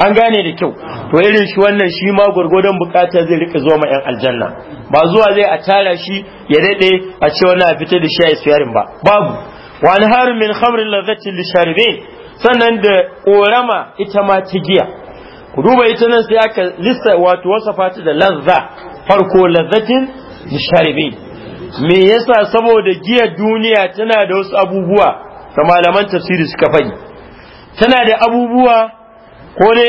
an gane da kyau to irin shi wannan shi ma gwargwadon buƙata zai rika zuwa ma yan aljanna ba zuwa zai a tara shi ya daɗe a ce wani a fita da shi a siyarin ba babu wani harin min khamrin lazzatin lisharibe sannan da ƙorama ita ma ta giya ku duba ita nan sai aka lissa wato wasa fata da lazza farko lazzatin lisharibe me yasa saboda giya duniya tana da wasu abubuwa da malaman tafsiri suka faɗi tana da abubuwa ko ne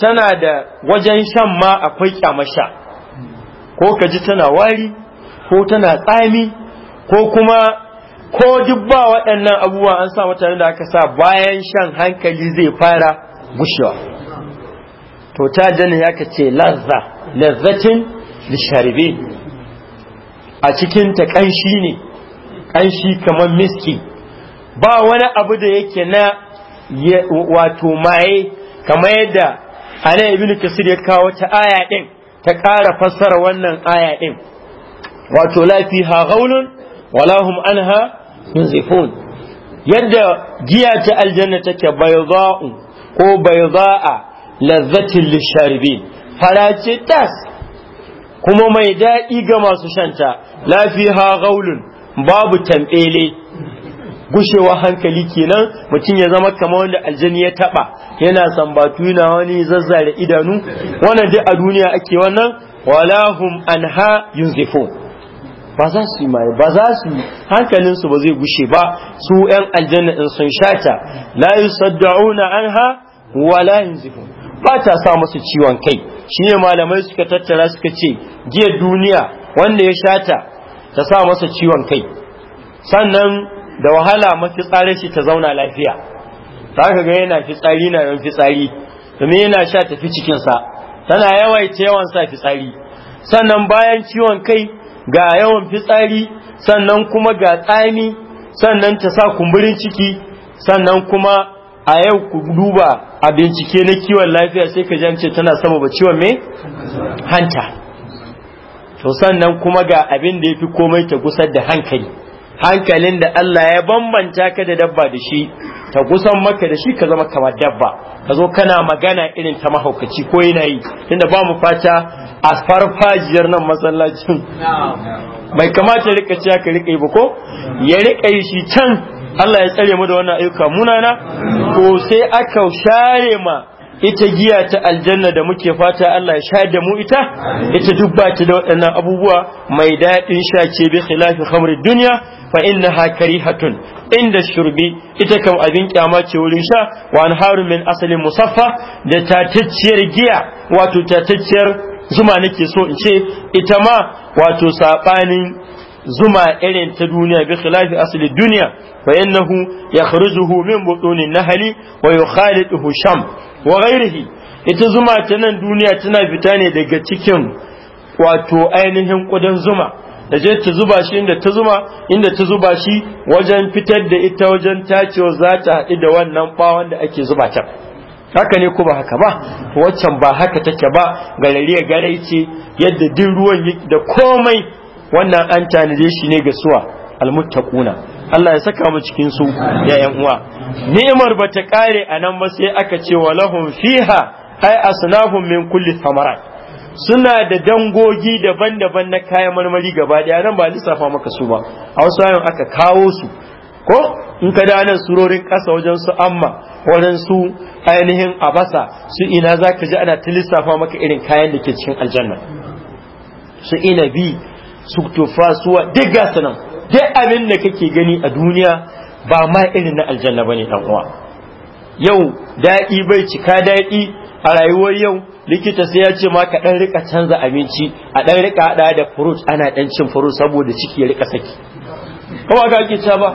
tana da wajen shan ma akwai kyamasha ko ka ji tana wari ko tana tsami ko kuma ko duk ba waɗannan abubuwa an sa mutane da aka sa bayan shan hankali zai fara gushewa to ta jana ya ka ce lazza lazzatin lisharibe a cikin ta ƙanshi ne ƙanshi kamar miski ba wani abu da yake na wato maye kamar yadda ana ibn kasir ya kawo ta aya din ta ƙara fassara wannan aya din wato lafiha gaulun wala hum anha yunzifun yadda giya ta aljanna take bayda'u ko bayda'a lazzatin lisharibin fara ce tas kuma mai daɗi ga masu shanta lafiha gaulun babu tamɓele gushewa hankali kenan mutum ya zama kamar wanda aljani ya taba yana sambatu yana wani zazzare idanu wannan duk a duniya ake wannan walahum anha yunzifun ba za su yi ba za su yi su ba zai gushe ba su yan aljanna in sun shata la yusaddauna anha wala yunzifun ba ta sa musu ciwon kai shine malamai suka tattara suka ce jiya duniya wanda ya shata ta sa masa ciwon kai sannan da wahala mafitsarar shi ta zauna lafiya za ka ga yana fitsari na yawan fitsari domin yana sha tafi cikinsa tana yawaita yawan sa fitsari sannan bayan ciwon kai ga yawan fitsari sannan kuma ga tsami sannan ta sa kumburin ciki sannan kuma a yau ku duba a bincike na kiwon lafiya sai ka jance tana sababa ciwon me hanta to sannan kuma ga abin da ya fi komai ta gusar da hankali hankalin da Allah ya bambanta ka da dabba da shi ta kusan maka da shi ka zama kamar dabba ka zo kana magana irin ta mahaukaci ko yana yi tunda ba mu fata a farfajiyar nan masallacin Mai kamata rika ciya ka rika yi ba ko ya rika yi shi can Allah ya tsare mu da wannan ayyuka munana ko sai aka share ma ita giya ta aljanna da muke fata Allah ya sha da mu ita ita duk ba ta da waɗannan abubuwa mai daɗin sha ce bi khilafi khamri dunya fa ha karihatun inda shurbi ita kam abin kyama ce wurin sha wa harumin min asalin musaffa da tatacciyar giya wato tatacciyar zuma nake so in ce ita ma wato sabanin zuma irin ta duniya bi khilafi asli duniya fa innahu yakhrujuhu min butunin nahli wa yukhaliduhu sham wa gairihi ita zuma ta nan duniya tana fita ne daga cikin wato ainihin ƙudan zuma da je ta zuba shi inda ta zuma inda ta zuba shi wajen fitar da ita wajen tacewa za ta haɗu da wannan bawan da ake zuba ta haka ne ko ba haka ba waccan ba haka take ba galariya garai ce yadda duk ruwan da komai wannan an tanade shi ne ga suwa almuttaquna Allah ya saka mu cikin su ya yan uwa ni'imar ba ta kare a nan ba sai aka ce wa lahum fiha ay asnafun min kulli thamarat suna da dangogi daban-daban na kayan marmari gaba daya nan ba lissafa maka su ba a wasu ayon aka kawo su ko in ka da nan surorin ƙasa wajen su amma wajen su ainihin abasa su ina za ka ji ana ta lissafa maka irin kayan da ke cikin aljanna su ina bi su tufa suwa duk nan duk abin da kake gani a duniya ba ma irin na aljanna bane dan uwa yau daɗi bai cika daɗi a rayuwar yau likita sai ya ce ma ka dan rika canza abinci a dan rika hada da fruit ana dan cin fruit saboda ciki ya rika saki kuma ka ta ba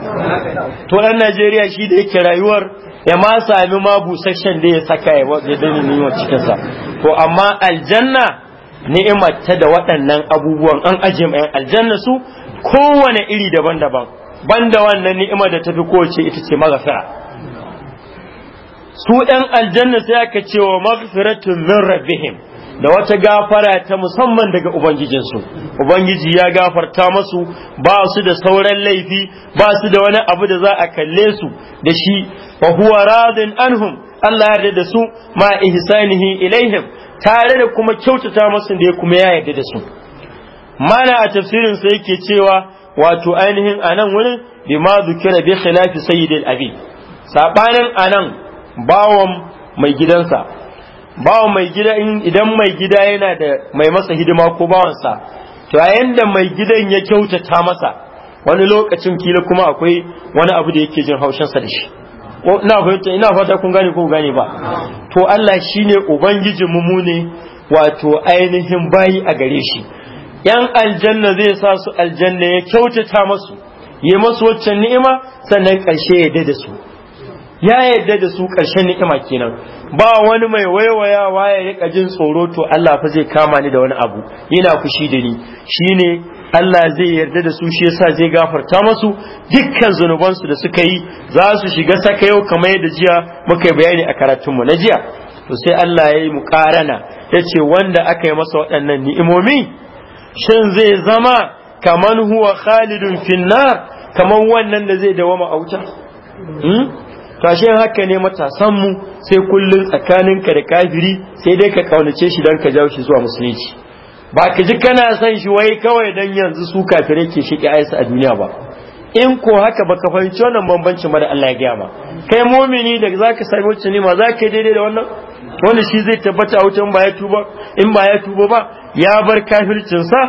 to dan Najeriya shi da yake rayuwar ya ma sami ma busasshen da ya saka ya dani niyyar cikinsa to amma aljanna ni'imar ta da waɗannan abubuwan an ajiye mai aljanna su kowane iri daban-daban banda wannan ni'imar da tafi kowace ita ce maghfira su ɗan aljanna sai aka ce wa maghfiratun min rabbihim da wata gafara ta musamman daga ubangijinsu ubangiji ya gafarta masu ba su da sauran laifi ba su da wani abu da za a kalle su da shi fa huwa radin anhum Allah yarda da su ma ihsanihi ilaihim tare da kuma kyautata masu da ya kuma ya yarda da su mana a tafsirin sa yake cewa wato ainihin anan wurin bi ma zukira bi khilafi sayyidil abi sabanin anan bawon mai gidansa bawon mai gida idan mai gida yana da mai masa hidima ko bawansa to a yanda mai gidan ya kyautata masa wani lokacin kila kuma akwai wani abu da yake jin haushinsa da shi ina fahimta ina fata kun gane ko gane ba to Allah shine ubangijin mu ne wato ainihin bayi a gare shi yan aljanna zai sa su aljanna ya kyautata masu ya masu waccan ni'ima sannan ƙarshe ya da su ya yadda da su ƙarshen ni'ima kenan ba wani mai waiwayawa ya riƙa jin tsoro to Allah fa zai kama ni da wani abu yana fushi da ni Shi ne Allah zai yarda da su shi yasa zai gafarta masu dukkan zunubansu da suka yi za su shiga yau kamar yadda jiya muka bayani a karatunmu na jiya to sai Allah ya yi mu ƙarana. ya ce wanda aka yi masa waɗannan ni'imomi shin zai zama kaman huwa khalidun finnar kaman wannan da zai dawama a wuta hmm? Tashin haka ne matasanmu sai kullum ka da kafiri sai dai ka kaunace shi dan ka jawo shi zuwa musulunci ba ka ji kana son shi wai kawai dan yanzu su kafire ke shi aisa a duniya ba in ko haka ba ka fahimci wannan bambancin ba da Allah ya gaya ma kai mumini da za ka sami wacce ne ma za daidai da wannan wanda shi zai tabbata a wutan ba ya tuba in ba ya tuba ba ya bar kafircin sa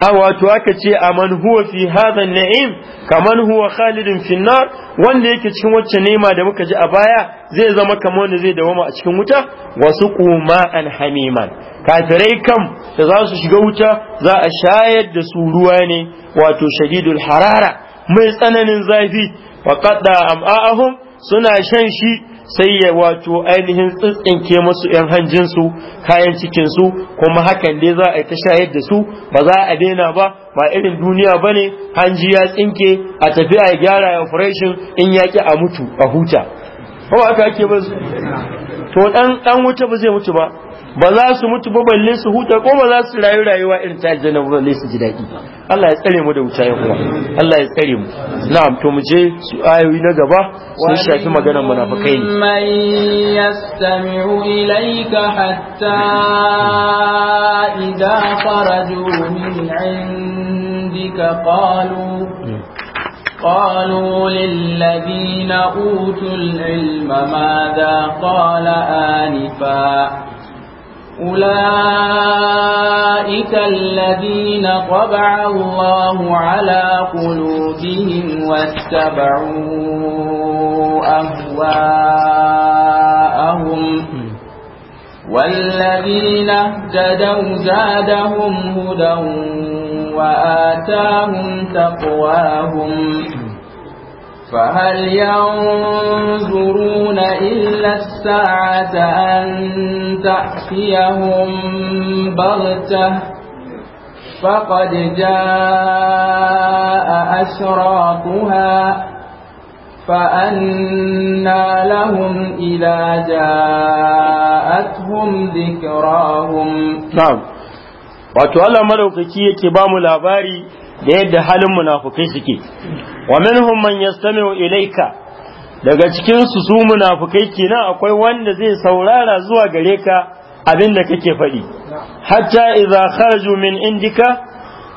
a wato aka ce a man huwa fi hadha na'im kaman huwa khalidun fi nar wanda yake cikin wacce nema da muka ji a baya zai zama kamar wanda zai dawama a cikin wuta wasu kuma an hamiman kafirai kam da za su shiga wuta za a shayar da su ruwa ne wato shadidul harara mai tsananin zafi wa amahum am'a'ahum suna shan shi sai ya wato ainihin tsintsinke musu yan hanjinsu kayan cikinsu kuma hakan dai za a yi ta shayar da su ba za a daina ba ba irin duniya ba ne hanji ya tsinke a tafi a gyara ya operation in ki a mutu a huta ko aka ake ba to dan wuta ba zai mutu ba ba za su mutu ba balle su huta ko ba za su rayu rayuwa irin ta aljanna ba balle su ji daɗi Allah ya tsare mu da wuta ya kuwa Allah ya tsare mu na'am to mu je su ayoyi na gaba sun shafi maganar munafikai ne man yastami'u ilayka hatta idza kharaju min indika qalu قالوا للذين أوتوا العلم ماذا قال آنفا أولئك الذين طبع الله على قلوبهم واتبعوا أهواءهم والذين اهتدوا زادهم هدى وآتاهم تقواهم فهل ينظرون إلا الساعة أن تأتيهم بغتة فقد جاء أشراطها فأنا لهم إذا جاءتهم ذكراهم نعم wato Allah madaukaki yake ba mu labari da yadda halin munafukai suke wa minhum man yastami'u ilayka daga cikin su su munafukai kenan akwai wanda zai saurara zuwa gare ka abin kake faɗi hatta idza kharaju min indika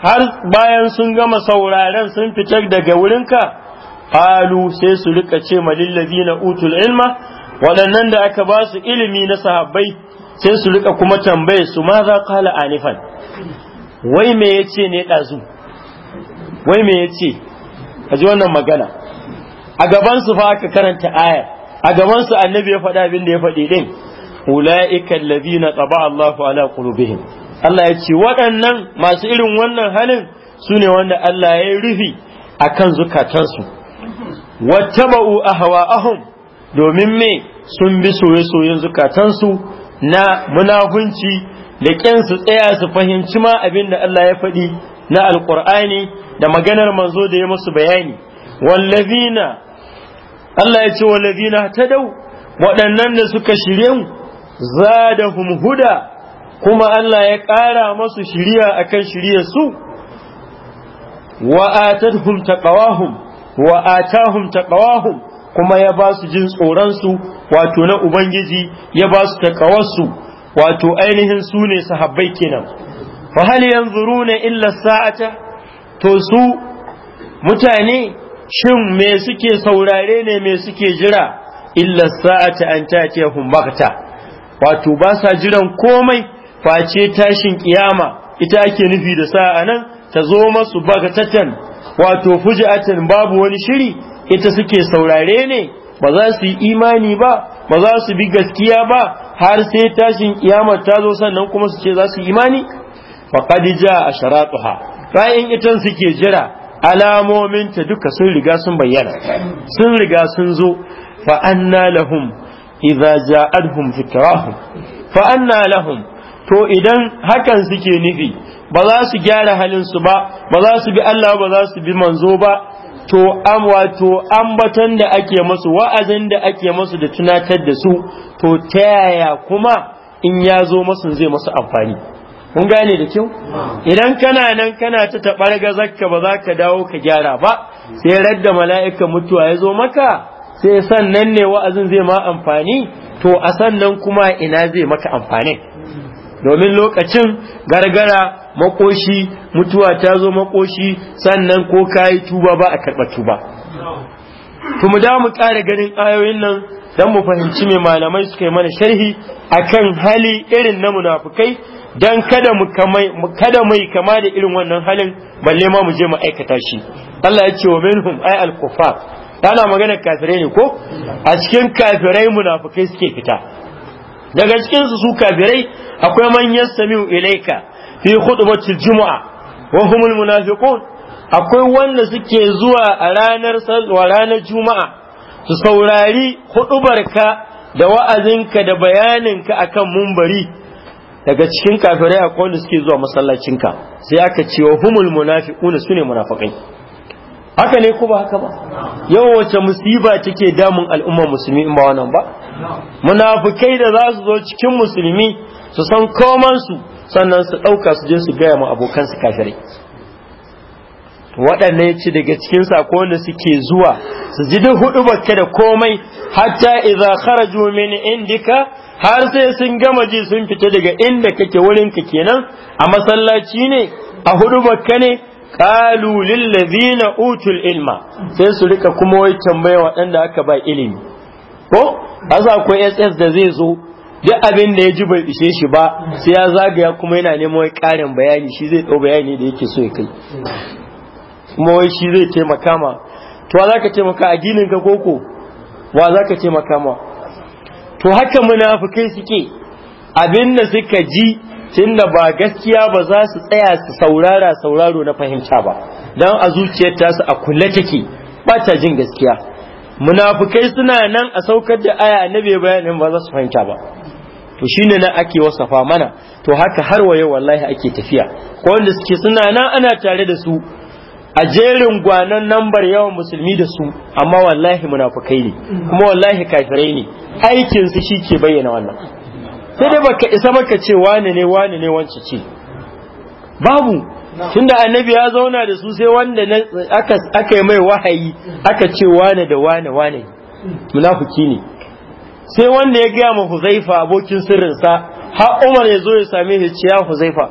har bayan sun gama sauraren sun fitar daga wurinka qalu sai su rika ce ma na utul ilma waɗannan da aka ba su ilimi na sahabbai sai su rika kuma tambaye su ma za kala anifan wai me yace ne ɗazu wai me yace ka ji wannan magana a gaban su fa aka karanta aya a gaban su annabi ya faɗa abin da ya faɗi din ulaika allazina taba Allahu ala qulubihim Allah ya ce waɗannan masu irin wannan halin su ne wanda Allah ya yi rufi a kan zukatansu wattaba'u ahwa'ahum domin me sun bi soye-soyen zukatansu na munafunci da ƙin su tsaya su fahimci ma abin da Allah ya faɗi na Alƙur'ani da maganar manzo da ya musu bayani wallazina Allah ya ce wallazina tadau waɗannan da suka shirye mu zadahum huda kuma Allah ya ƙara masu shiriya akan shiryar su wa atadhum taqawahum wa atahum taqawahum kuma ya ba su jin su wato na Ubangiji ya ba su ƙawarsu wato ainihin su ne sahabbai kenan wa hal yanzuruna illa sa'ata to su mutane shin me suke saurare ne me suke jira illa sa'ata an ta ce baghta wato ba sa jiran komai face tashin kiyama ita ake nufi da sa'a nan ta zo masu bagatatan wato fuji'atan babu wani shiri ita suke saurare ne ba za su yi imani ba ba za su bi gaskiya ba har sai tashin kiyama ta zo sannan kuma su ce za su yi imani faqad jaa asharatuha bayan itan suke jira alamomin ta duka sun riga sun bayyana sun riga sun zo fa anna lahum idza ja'adhum fikrahum fa lahum to idan hakan suke nufi ba za su gyara halin su ba ba za su bi Allah ba za su bi manzo ba to am wato ambaton da ake masu wa'azin da ake masu da tunatar da su to ta yaya kuma in ya zo masu zai masu amfani kun gane da kyau idan kana nan kana ta taɓar gazakka ba za ka dawo ka gyara ba sai radda mala'ikan mutuwa ya zo maka sai sannan ne wa'azin zai ma amfani to a sannan kuma ina zai maka amfanin domin lokacin gargara makoshi mutuwa ta zo makoshi sannan ko kayi tuba ba a karɓa tuba to mu da mu ƙara ganin ayoyin nan don mu fahimci mai malamai suka yi mana sharhi akan hali irin na munafukai dan kada mu kada mai kama da irin wannan halin balle ma mu je mu aikata shi Allah ya ce wa minhum ay al kufar tana magana kafirai ne ko a cikin kafirai munafikai suke fita daga cikin su su kafirai akwai manyan yastamiu ilaika fi khutbatil jumu'a wa humul munafiqun akwai wanda suke zuwa a ranar ranar juma'a su saurari hudubarka da wa'azinka da bayaninka akan mumbari daga cikin kafirai a kwallo suke zuwa masallacinka sai aka ce wa humul munafiquna sune munafiqai haka ne ko ba haka ba yau wace musiba take damun al'umma musulmi in ba wannan ba munafikai da za su zo cikin musulmi su san komansu sannan su ɗauka su je su gaya ma abokansu kafirai ya ci daga cikin sako wanda suke zuwa su ji duk hudu bakke da komai hatta idza kharaju min indika har sai sun gama ji sun fita daga inda kake wurin ka kenan a masallaci ne a hudu bakka ne qalu lil ladina utul ilma sai su rika kuma wai tambaya waɗanda aka ba ilimi ko asa ko SS da zai zo duk abin da ya ji bai ishe shi ba sai ya zagaya kuma yana neman wai ƙarin bayani shi zai ɗau bayani da yake so ya kai kuma wai shi zai taimaka ma to wa ka taimaka ginin ka koko wa za ka taimaka ma to haka munafukai suke Abin da suka ji tunda ba gaskiya ba za su tsaya su saurara sauraro na fahimta ba don a zuciyar tasu a kulle take ba ta jin gaskiya Munafukai suna nan a saukar da aya na bai bayanin ba za su fahimta ba to shine nan ake wasafa mana to haka har waye wallahi ake tafiya ko wanda suke suna nan ana tare da su a jerin gwanon nambar yawan musulmi da su amma wallahi munafukai ne kuma wallahi kafirai ne aikin su shi ke bayyana wannan sai dai baka isa maka ce wani ne wani ne wance ce babu tunda annabi ya zauna da su sai wanda aka aka mai wahayi aka ce wani da wani wani munafuki ne sai wanda ya gaya ma Huzaifa abokin sa har Umar ya zo ya same shi ya Huzaifa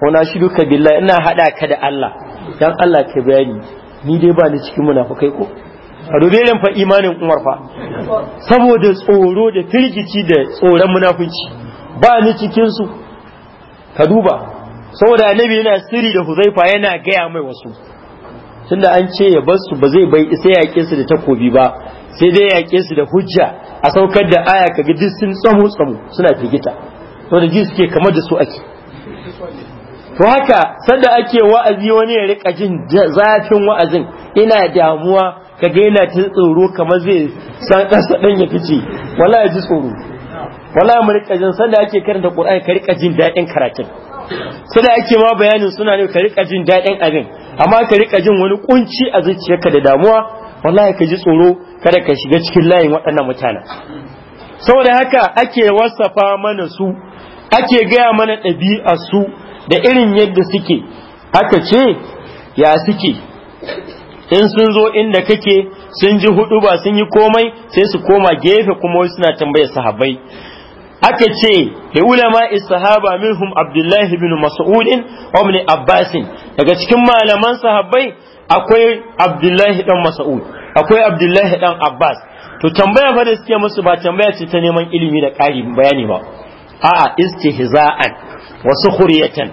wana shi duka billahi ina hada ka da Allah dan Allah ke bayani ni dai ba ni cikin munafukai ko a dobe fa imanin Umar fa saboda tsoro da firgici da tsoron munafunci ba ni cikin su ka duba saboda annabi yana siri da Huzaifa yana gaya mai wasu tunda an ce ya bar su ba zai bai isa yaƙe su da takobi ba sai dai yaƙe su da hujja a saukar da aya kaga duk sun tsamo tsamo suna firgita saboda ji suke kamar da su ake to haka sanda ake wa'azi wani ya rika jin zafin wa'azin ina damuwa ka yana ta tsoro kamar zai san kasa dan ya fice wala ya ji tsoro wala mu rika jin sanda ake karanta qur'ani ka rika jin dadin karatun sanda ake ma bayanin suna ne ka rika jin dadin abin amma ka rika jin wani kunci a zuciyarka da damuwa wallahi ka ji tsoro kada ka shiga cikin layin waɗannan mutanen saboda haka ake wasafa mana su ake gaya mana ɗabi'a su da irin yadda suke haka ce ya suke in sun zo inda kake sun ji hudu ba sun yi komai sai su koma gefe kuma wasu suna tambayar sahabbai aka ce da ulama sahaba minhum abdullahi bin mas'udin wa abbasin daga cikin malaman sahabbai akwai abdullahi dan mas'ud akwai abdullahi dan abbas to tambaya fa da suke musu ba tambaya ce ta neman ilimi da ƙari bayani ba a'a istihza'an wasu khuriyatan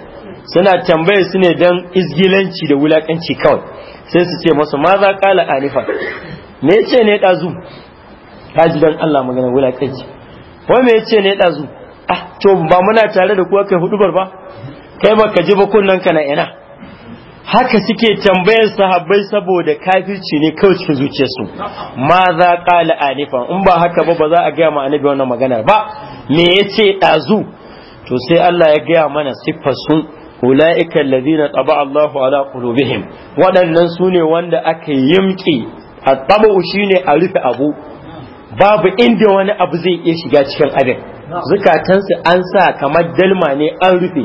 suna tambayar su ne dan izgilanci da wulakanci kawai sai su ce masu ma za kala anifa me yace ne dazu ji dan Allah magana wulakanci ko me yace ne dazu ah to ba muna tare da kuwa kai hudubar ba kai ba ka ji ba kunnan ka na ina haka suke tambayar sahabbai saboda kafirci ne kawai cikin su ma za kala anifa in ba haka ba ba za a gaya ma annabi wannan maganar ba me yace dazu to sai Allah ya gaya mana siffar sun ulaika alladhina taba Allahu ala qulubihim waɗannan su ne wanda aka yimki at shi shine a rufe abu babu inda wani abu zai iya shiga cikin abin zukatansu an sa kamar dalma ne an rufe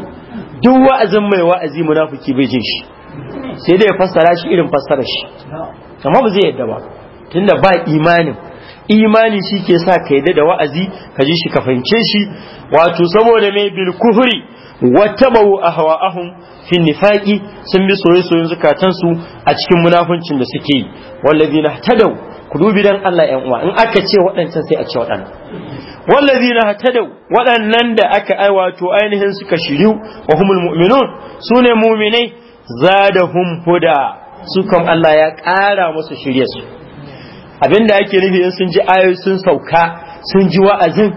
duk wa'azin mai wa'azi munafiki bai jin shi sai dai fassara shi irin fassara shi Kamar ba zai yadda ba tunda ba imanin imani shi ke sa ka yadda da wa'azi ka ji shi ka fahimce shi wato saboda mai bil kuhuri hawa-ahun fin nifaƙi, sun bi soye-soyen zukatansu a cikin munafuncin da suke yi na tadaw ku dubi don Allah 'yan uwa in aka ce waɗancan sai a ce waɗannan wallazina hatadaw waɗannan da aka wato ainihin suka shiriu wa humul mu'minun sune mu'minai zadahum huda su kam Allah ya ƙara musu shirya su abinda ake nufi in sun ji ayoyi sun sauka sun ji wa'azin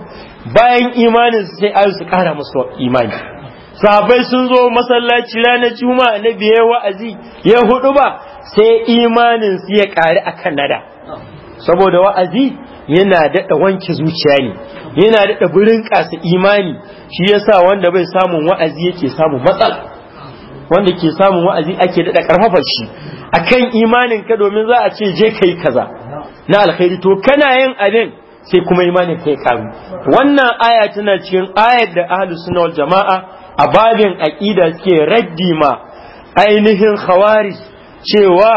bayan imanin sai ayoyi su kara musu imani sahabbai sun zo masallaci ranar juma'a na biye wa'azi ya hudu ba sai imanin su ya kari akan nada saboda wa'azi yana daɗa wanke zuciya ne yana daɗa burin ƙasa imani shi ya sa wanda bai samun wa'azi yake samun matsala wanda ke samun wa'azi ake daɗa ƙarfafa shi akan imanin ka domin za a ce je kai kaza na alkhairi to kana yin abin sai kuma imanin kai karu wannan aya tana cikin ayar da ahlus sunna wal jama'a a babin aqida suke raddi ma ainihin khawarij cewa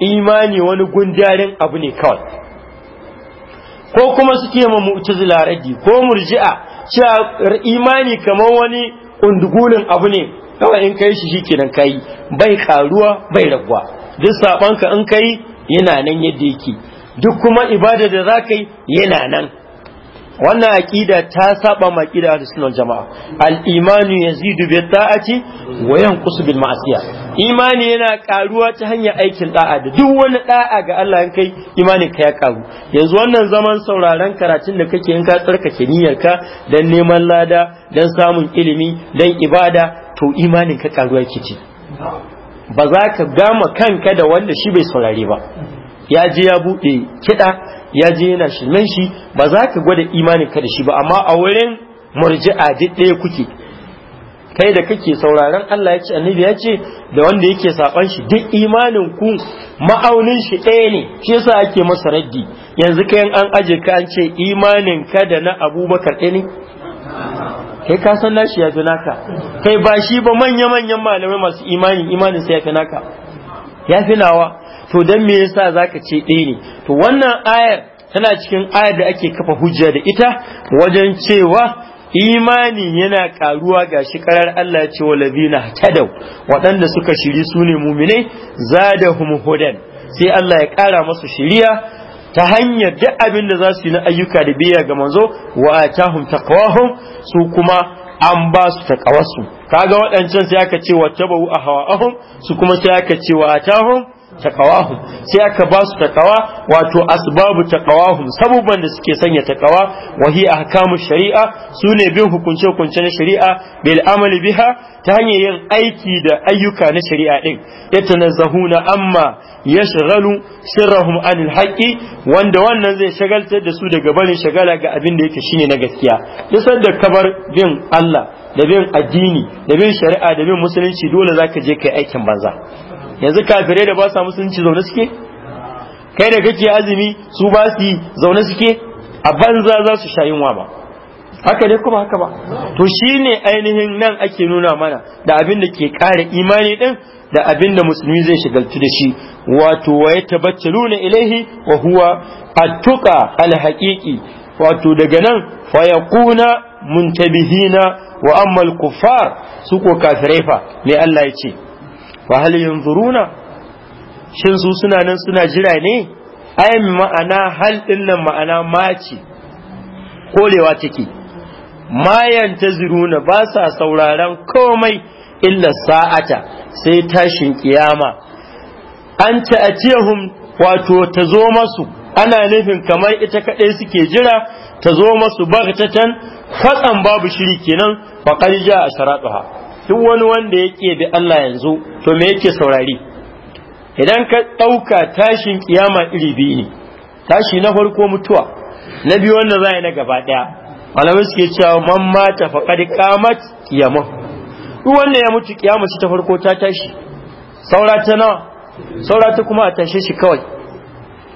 imani wani gundarin abu ne kawai ko kuma suke ma mu'tazila raddi ko murji'a cewa imani kamar wani undugulin abu ne kawai in kai shi shikenan kai bai karuwa bai raguwa duk sabanka in kai yana nan yadda yake duk kuma ibada da za ka yi yana nan wannan aƙida ta saba ma aƙida da sunan jama'a al-imanu yazidu bi ta'ati wa yanqusu bil ma'asiya imani yana karuwa ta hanyar aikin da'a da duk wani da'a ga Allah in kai imani ka ya karu yanzu wannan zaman sauraron karatun da kake in ka tsarkake ka dan neman lada dan samun ilimi dan ibada to imanin ka karuwa kici ba za ka gama kanka da wanda shi bai saurare ba ya je ya buɗe kiɗa ya je yana shirmen shi ba za ka gwada imanin ka da shi ba amma a wurin murji'a duk ɗaya kuke kai da kake sauraron Allah ya ce annabi ya ce da wanda yake saban shi duk imanin ku ma'aunin shi ɗaya ne shi yasa ake masa raddi yanzu kai an aje ka an ce imanin ka da na Abubakar ɗaya ne kai ka san nashi ya fi naka kai ba shi ba manya manyan malamai masu imani imanin sa ya fi naka ya fi nawa to dan me yasa zaka ce ɗaya ne to wannan ayar tana cikin ayar da ake kafa hujja da ita wajen cewa imani yana karuwa ga shi karar Allah ya ce wa ladina tadaw waɗanda suka shiri su ne muminai zadahum hudan sai Allah ya ƙara masu shiriya ta hanyar duk abin da za su yi na ayyuka da biya ga manzo wa atahum taqwahum su kuma an ba su Ka kaga waɗancan sai aka ce wa tabu ahwaahum su kuma sai aka ce wa atahum taqawahum sai aka ba su taqawa wato asbabu taqawahum sabuban da suke sanya taqawa wahi a ahkamu shari'a sune bin hukunce hukunce na shari'a bil amali biha ta hanyar yin aiki da ayyuka na shari'a din yatanazzahuna amma yashghalu sirrahum anil haqqi wanda wannan zai shagaltar da su daga barin shagala ga abin da yake shine na gaskiya duk da kabar bin Allah da bin addini da bin shari'a da bin musulunci dole zaka je kai aikin banza yanzu kafirai da ba sa musulunci zaune suke kai da kake azumi su ba su zaune suke a banza za su sha yunwa ba haka ne kuma haka ba to shine ainihin nan ake nuna mana da abin da ke kare imani din da abin da musulmi zai shigaltu da shi wato wa ya tabbatalu na ilaihi wa huwa attuqa alhaqiqi wato daga nan fa yaquna muntabihina wa amma alkuffar su ko kafirai fa me Allah ya ce fa hal yanzuruna shin su suna nan suna jira ne ai ma'ana hal din nan ma'ana maci kolewa take mayan taziruna ba sa sauraron komai illa sa'ata sai tashin kiyama an ta'atiyahum wato ta zo masu ana nufin kamar ita kaɗai suke jira ta zo masu bagtatan fatsan babu shiri kenan faƙar a sharaɗuha duk wani wanda yake bi Allah yanzu to me yake saurari idan ka ɗauka tashin kiyama iri biyu ne tashi na farko mutuwa na biyu wanda za yi na gaba ɗaya malamai suke cewa man mata faƙaɗi ƙamat kiyama duk wanda ya mutu kiyama shi ta farko ta tashi saura ta nawa kuma a tashe shi kawai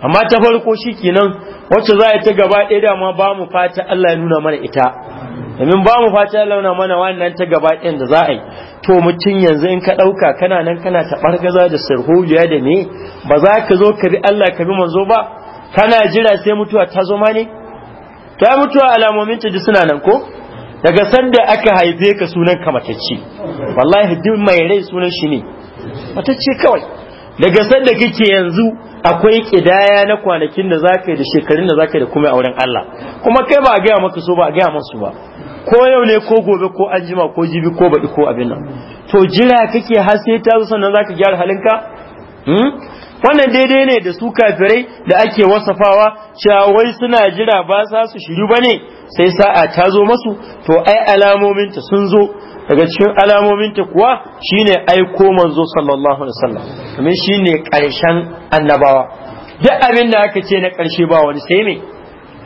amma ta farko shi kenan wacce za a ta gaba ɗaya dama ba mu fata Allah ya nuna mana ita domin ba mu fata launa mana wannan ta gaba ɗin da za a yi to mutum yanzu in ka ɗauka kana nan kana taɓar gaza da sirhuliya da me ba za ka zo ka bi Allah ka bi manzo ba kana jira sai mutuwa ta zo ma ne ta mutuwa alamomin ta ji suna nan ko daga sanda aka haife ka sunan ka matacce wallahi duk mai rai sunan shi ne matacce kawai daga sanda kike yanzu akwai kidaya na kwanakin da zaka yi da shekarun da zaka yi da kuma auren Allah kuma kai ba a gaya maka so ba a gaya masu ba ko yau ne ko gobe ko an jima ko jibi ko baɗi ko abin nan to jira kake har sai ta zo sannan zaka gyara halinka hmm? wannan daidai ne da su kafirai da ake wasafawa cewa wai suna jira ba sa su shiru bane sai sa'a ta zo masu to ai alamominta sun zo daga cikin alamominta kuwa shine ai aiko manzo sallallahu alaihi wasallam domin shine karshen annabawa duk abin da aka ce na karshe ba wani sai me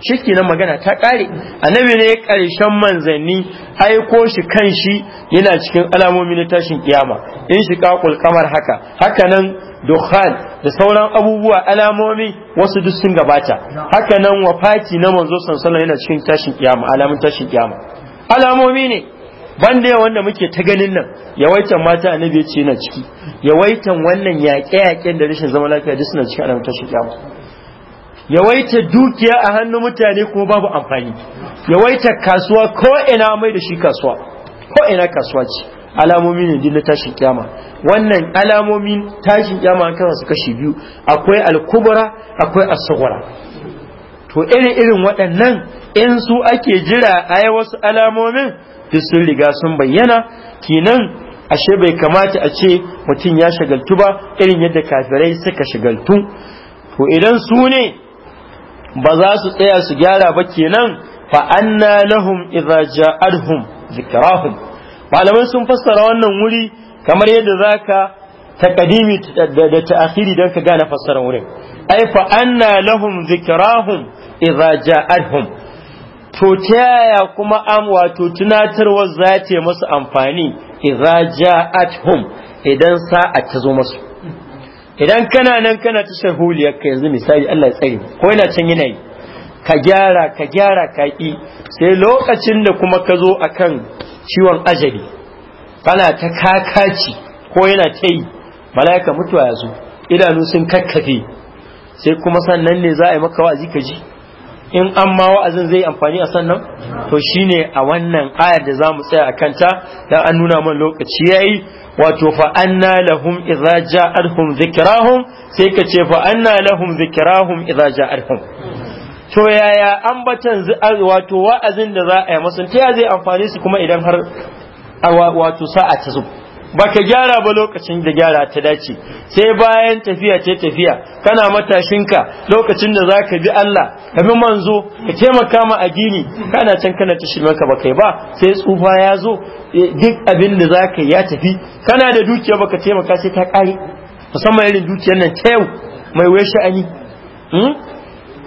kenan magana ta kare annabi ne karshen manzanni aiko shi kan shi yana cikin alamomi na tashin kiyama in shi kakul kamar haka haka nan dukhan da sauran abubuwa alamomi wasu duk sun gabata haka nan wafati na manzo sallallahu yana cikin tashin kiyama alamun tashin kiyama alamomi ne banda yawan da muke ta ganin nan yawaitan mata annabi ya ce yana ciki yawaitan wannan yaƙe-yaƙen da rashin zama lafiya duk suna cikin alamun tashin kiyama yawaita dukiya a hannun mutane kuma babu amfani yawaita kasuwa ko ina mai da shi kasuwa ko ina kasuwa ce alamomi ne na tashin kyama wannan alamomin tashin kyama an kama su kashi biyu akwai alkubura akwai asugura to irin irin waɗannan in su ake jira a wasu alamomin duk sun riga sun bayyana kenan ashe bai kamata a ce mutum ya shagaltu ba irin yadda kafirai suka shagaltu to idan su ne ba za su tsaya su gyara ba kenan fa anna lahum idza ja'alhum zikrahum malamai sun fassara wannan wuri kamar yadda zaka kadimi da ta'khiri dan ka gane fassarar wurin ai fa anna lahum zikrahum idza ja'alhum to ta yaya kuma am wato tunatarwar za ta masu amfani idza ja'atuhum idan sa'a ta zo masu idan kana nan kana ta sharholiyar ka yanzu misali Allah ya tsare ko yana can yana yi ka gyara ka gyara ka yi sai lokacin da kuma ka zo akan ciwon ajali kana ta kakaci ko yana ta yi mala'ika mutuwa ya zo idanu sun kakkafe sai kuma sannan ne za a yi maka wa'azi ka ji in an ma wa'azin zai amfani a sannan to shine a wannan ayar da za mu tsaya a kanta dan an nuna man lokaci yayi wato fa anna lahum idza ja'alhum dhikrahum sai ka ce fa anna lahum dhikrahum idza ja'alhum to yaya ambatan wato wa'azin da za a yi musu ta zai amfani su kuma idan har wato sa'a ta zuwa? baka gyara ba lokacin da gyara ta dace sai bayan tafiya ce tafiya kana matashinka lokacin da za ka bi Allah ka bi manzo ka taimaka ma addini kana can kana ta shirmanka ba kai ba sai tsufa ya zo duk abin da za ka ya tafi kana da dukiya baka taimaka sai ta kare musamman irin dukiyar nan ta yau mai wai sha'ani hmm?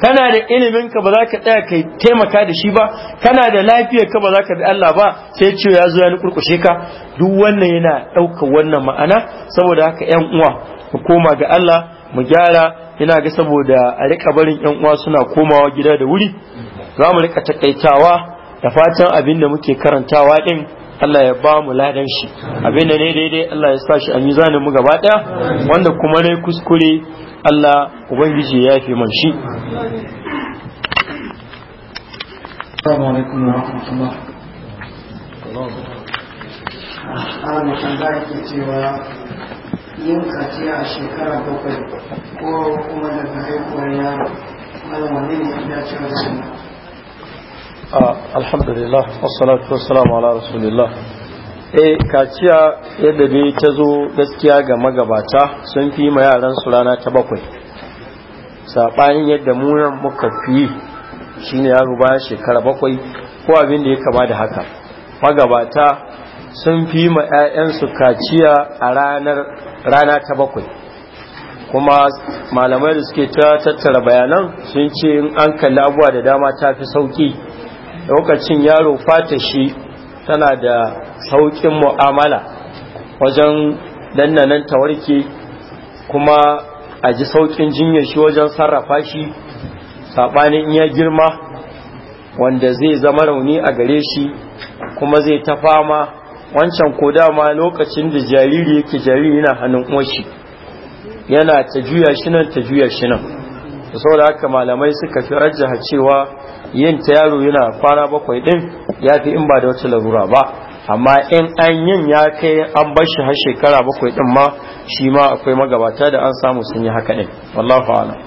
kana da ilimin ka ba za ka tsaya kai taimaka da shi ba kana da lafiyar ka ba za ka bi Allah ba sai ce ya zo ya kurkushe ka duk wannan yana ɗaukar wannan ma'ana saboda haka 'yan uwa mu koma ga Allah mu gyara ina ga saboda a rika barin 'yan uwa suna komawa gida da wuri za mu rika takaitawa da fatan abin da muke karantawa din Allah ya ba mu ladan shi abinda ne daidai Allah ya sa shi a mizanin mu gaba daya wanda kuma ne kuskure Allah ubangiji ya fi man shi Assalamu alaikum wa rahmatullah. Allah Ana san dai ke cewa yin kaciya a shekara bakwai ko kuma daga haihuwar yaro, malam wani ne ya dace wa alhamdulillah wassalatu salamu ala rasulillah eh kaciya yadda dai ta zo gaskiya ga magabata sun fi ma yaran su rana ta bakwai Saɓanin yadda mu muka fi shine yaro bayan shekara bakwai ko abin da ya kama da haka magabata sun fi ma 'ya'yansu kaciya a ranar rana ta bakwai kuma malamai da suke ta tattara bayanan sun ce in an kalli abuwa da dama ta fi sauki lokacin yaro fata shi tana da sauƙin mu'amala wajen dannanan tawarki kuma a ji saukin jinyar shi wajen sarrafa shi saɓanin iya girma wanda zai zama rauni a gare shi kuma zai ta fama wancan ko dama lokacin da jariri yake jariri na hannun shi yana ta juya shi nan ta juya shi nan saboda haka malamai suka fi rajjaha cewa yin ta yaro yana kwana bakwai din ya fi in ba da wata larura ba amma in an yin ya kai an bar shi har shekara bakwai din ma shi ma akwai magabata da an samu sun yi haka din wallahu a'lam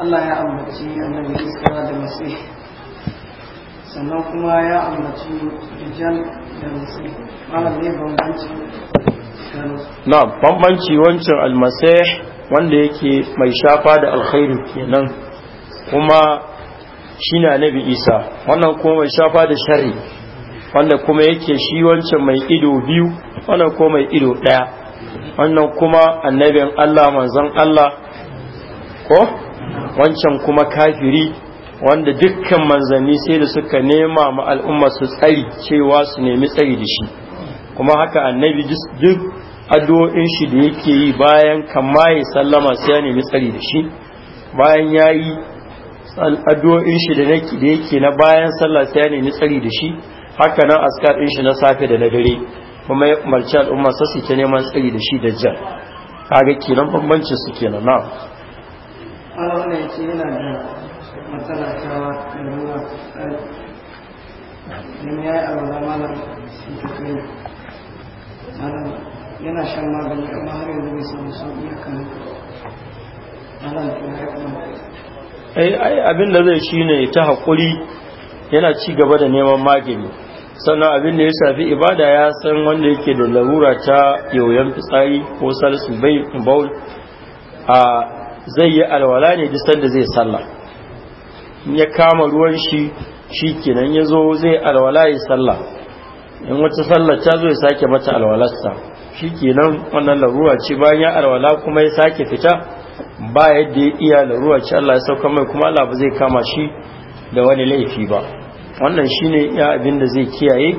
Allah ya ambaci annabi Isa da Masih sannan kuma ya ambaci Dajjal da Masih malam ne bambanci na bambanci wancan almasai wanda yake mai shafa da alkhairu kenan kuma shi na nabi isa wannan kuma mai shafa da shari wanda kuma yake shi wancan mai ido biyu wannan kuma mai ido ɗaya wannan kuma annabin allah manzan allah ko wancan kuma kafiri wanda dukkan manzanni sai da suka nema ma al'umma su tsari cewa su nemi tsari da shi kuma haka annabi duk addu'o'in shi da yake yi bayan kamma ya sallama sai ya nemi tsari da shi bayan ya yi addu'o'in shi da yake na bayan sallah sai ya nemi tsari da shi haka nan askar ɗin shi na safe da na dare kuma ya umarci al'umma su ta neman tsari da shi da jan kaga kenan bambancin su kenan na wannan ce yana da matsala ta da ruwa ya yi alwala malam shi ta kai yana shan magani amma har yanzu bai samu sauƙi a kan ai eh, ai abin da zai shine ta haƙuri yana ci gaba da neman magani sannan abin da ya shafi ibada ya san wanda yake da larura ta yoyon fitsari ko salisu bai baul a zai yi alwala ne duk sanda zai sallah ya kama ruwan shi shi kenan ya zo zai alwala ya salla, in wata sallar ta zo ya sake mata alwalarsa shi kenan wannan laruwa ce bayan ya alwala kuma ya sake fita ba yadda ya iya laruwa ce Allah ya sauka mai kuma Allah ba zai kama shi da wani laifi ba wannan shi ne ya abin da zai kiyaye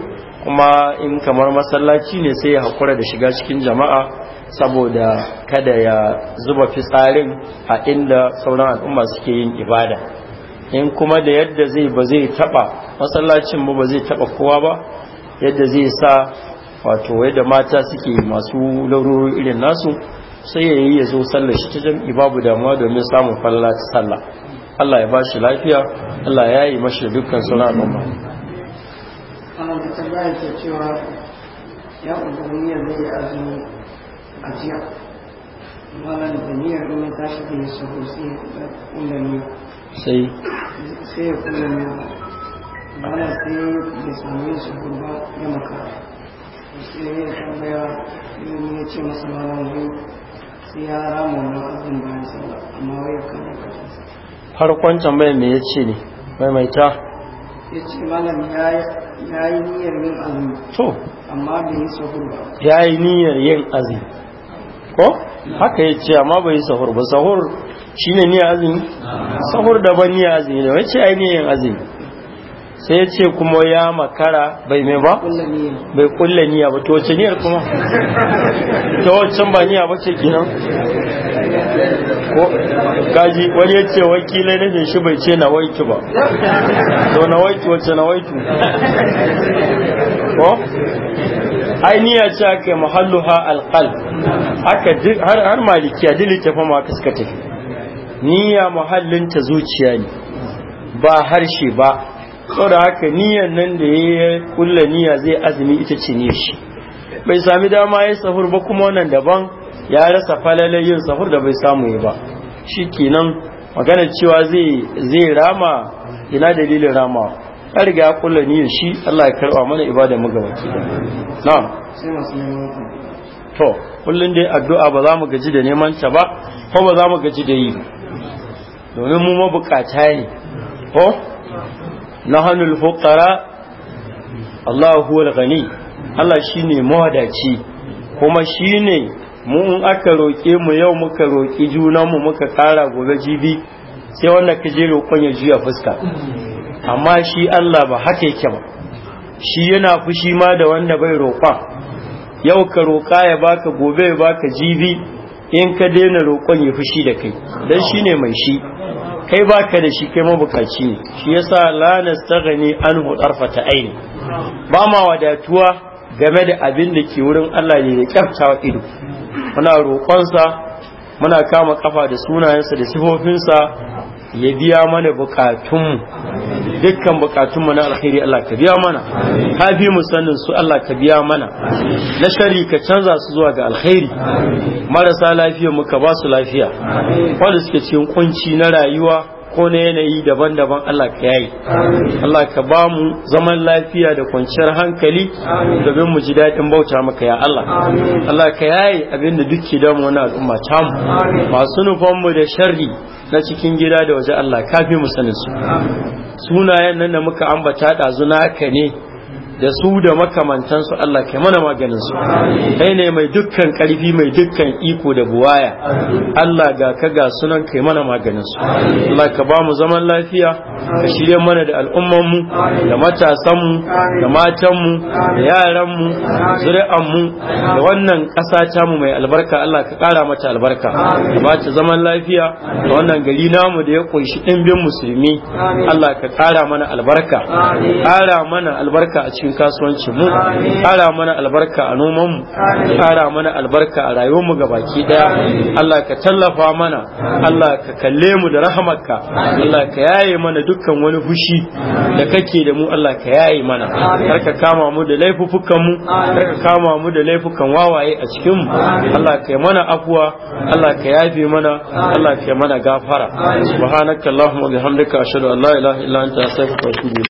kuma in kamar masallaci ne sai ya hakura da shiga cikin jama'a saboda kada ya zuba fitsarin a inda sauran al'umma suke yin ibada in kuma da yadda zai ba zai taba masallacin ba ba zai taba kowa ba yadda zai sa wato yadda mata suke masu laurori irin nasu sai ya yi ya zo sallar shi ta jam'i babu damuwa domin samun falla ta sallah Allah ya ba shi lafiya Allah ya yi mashi dukkan suna noma ya zai azumi a jiya malar da shi sai ya kula ne ba sai ya kula ne malar sai ya sami su ba ya makara sai tambaya ilimin ce farkon tambayar me ya ce ne maimaita ya ce malam ya yi niyyar yin azu to amma bai yi sahur ba ya yi niyyar yin azu ko haka ya ce amma bai yi sahur ba sahur shine niyyar azumi sahur daban niyyar azumi da wacce ai niyyar azumi sai ce kuma ya makara bai mai ba bai kulle niyya ba to wace niyyar kuma ta wacce ba niyya ba ce kenan gaji wani ya ce wakilai na ne shi bai ce na waiki ba to na waiki wace na waiki ko ai niyya ce aka yi mahalluha alqal aka har har malikiya dilita fa ma suka tafi niyya mahallin ta zuciya ne ba harshe ba saboda haka niyyar nan da ya kulla niyya zai azumi ita ce niyyar shi bai sami dama ya sahur ba kuma wannan daban ya rasa falalai yin sahur da bai samu ya ba shi kenan magana cewa zai rama ina dalilin rama ya riga ya kulla shi Allah ya karba mana ibada mu ga baki da na'am to kullun dai addu'a ba za mu gaji da neman ta ba ko ba za mu gaji da yi domin mu mabukata ne ko نحن الفقراء الله هو الغني الله شيني Allah shine mawadaci kuma mu in aka roƙe mu yau muka roƙi junan mu muka ƙara gobe jibi sai wanda ka je roƙon ya juya fuska amma shi Allah ba haka yake ba shi yana fushi ma da wanda bai roƙon yau ka roƙa ya baka gobe ya baka jibi in ka daina roƙon ya fushi da kai dan shine mai shi kai baka da shi kai mabukaci ne shi yasa la nastaghni anhu tarfata aini ba ma wadatuwa game da abin da ke wurin Allah ne da kyaftawa ido muna roƙonsa muna kama kafa da sunayensa da sifofinsa ya biya mana bukatunmu dukkan bukatunmu na alheri Allah ka biya mana ka bi mu sanin su Allah ka biya mana na shari ka canza su zuwa ga alkhairi marasa lafiya muka ba su lafiya wanda suke cikin kunci na rayuwa ko na yanayi daban-daban Allah ka yayi Allah ka ba mu zaman lafiya da kwanciyar hankali domin mu ji daɗin bauta maka ya Allah Allah ka yayi abin da duk da mu wani al'umma ta mu masu nufan mu da sharri na cikin gida da waje Allah kafi mu sanin su sunayen nan da muka ambata ɗazu naka ne da su da makamantansu Allah kai mana maganin su kai ne mai dukkan karfi mai dukkan iko da buwaya Allah ga ka ga sunan kai mana maganin su Allah ka ba mu zaman lafiya ka shirye mana da al'umman mu da matasan mu da matan mu da yaran mu zuri'an mu da wannan ƙasa ta mu mai albarka Allah ka ƙara mata albarka ka ba ta zaman lafiya da wannan gari namu da ya kunshi ɗimbin musulmi Allah ka kara mana albarka ƙara mana albarka a cikin cikin kasuwancin mu ƙara mana albarka a noman ƙara mana albarka a rayuwar mu baki daya Allah ka tallafa mana Allah ka kalle mu da rahamarka Allah ka yaye mana dukkan wani fushi da kake da mu Allah ka yaye mana kar ka kama mu da laifukan mu kar ka kama mu da laifukan wawaye a cikin mu Allah ka yi mana afuwa Allah ka yafe mana Allah ka yi mana gafara subhanakallahumma bihamdika ashhadu an la ilaha illa anta astaghfiruka wa atubu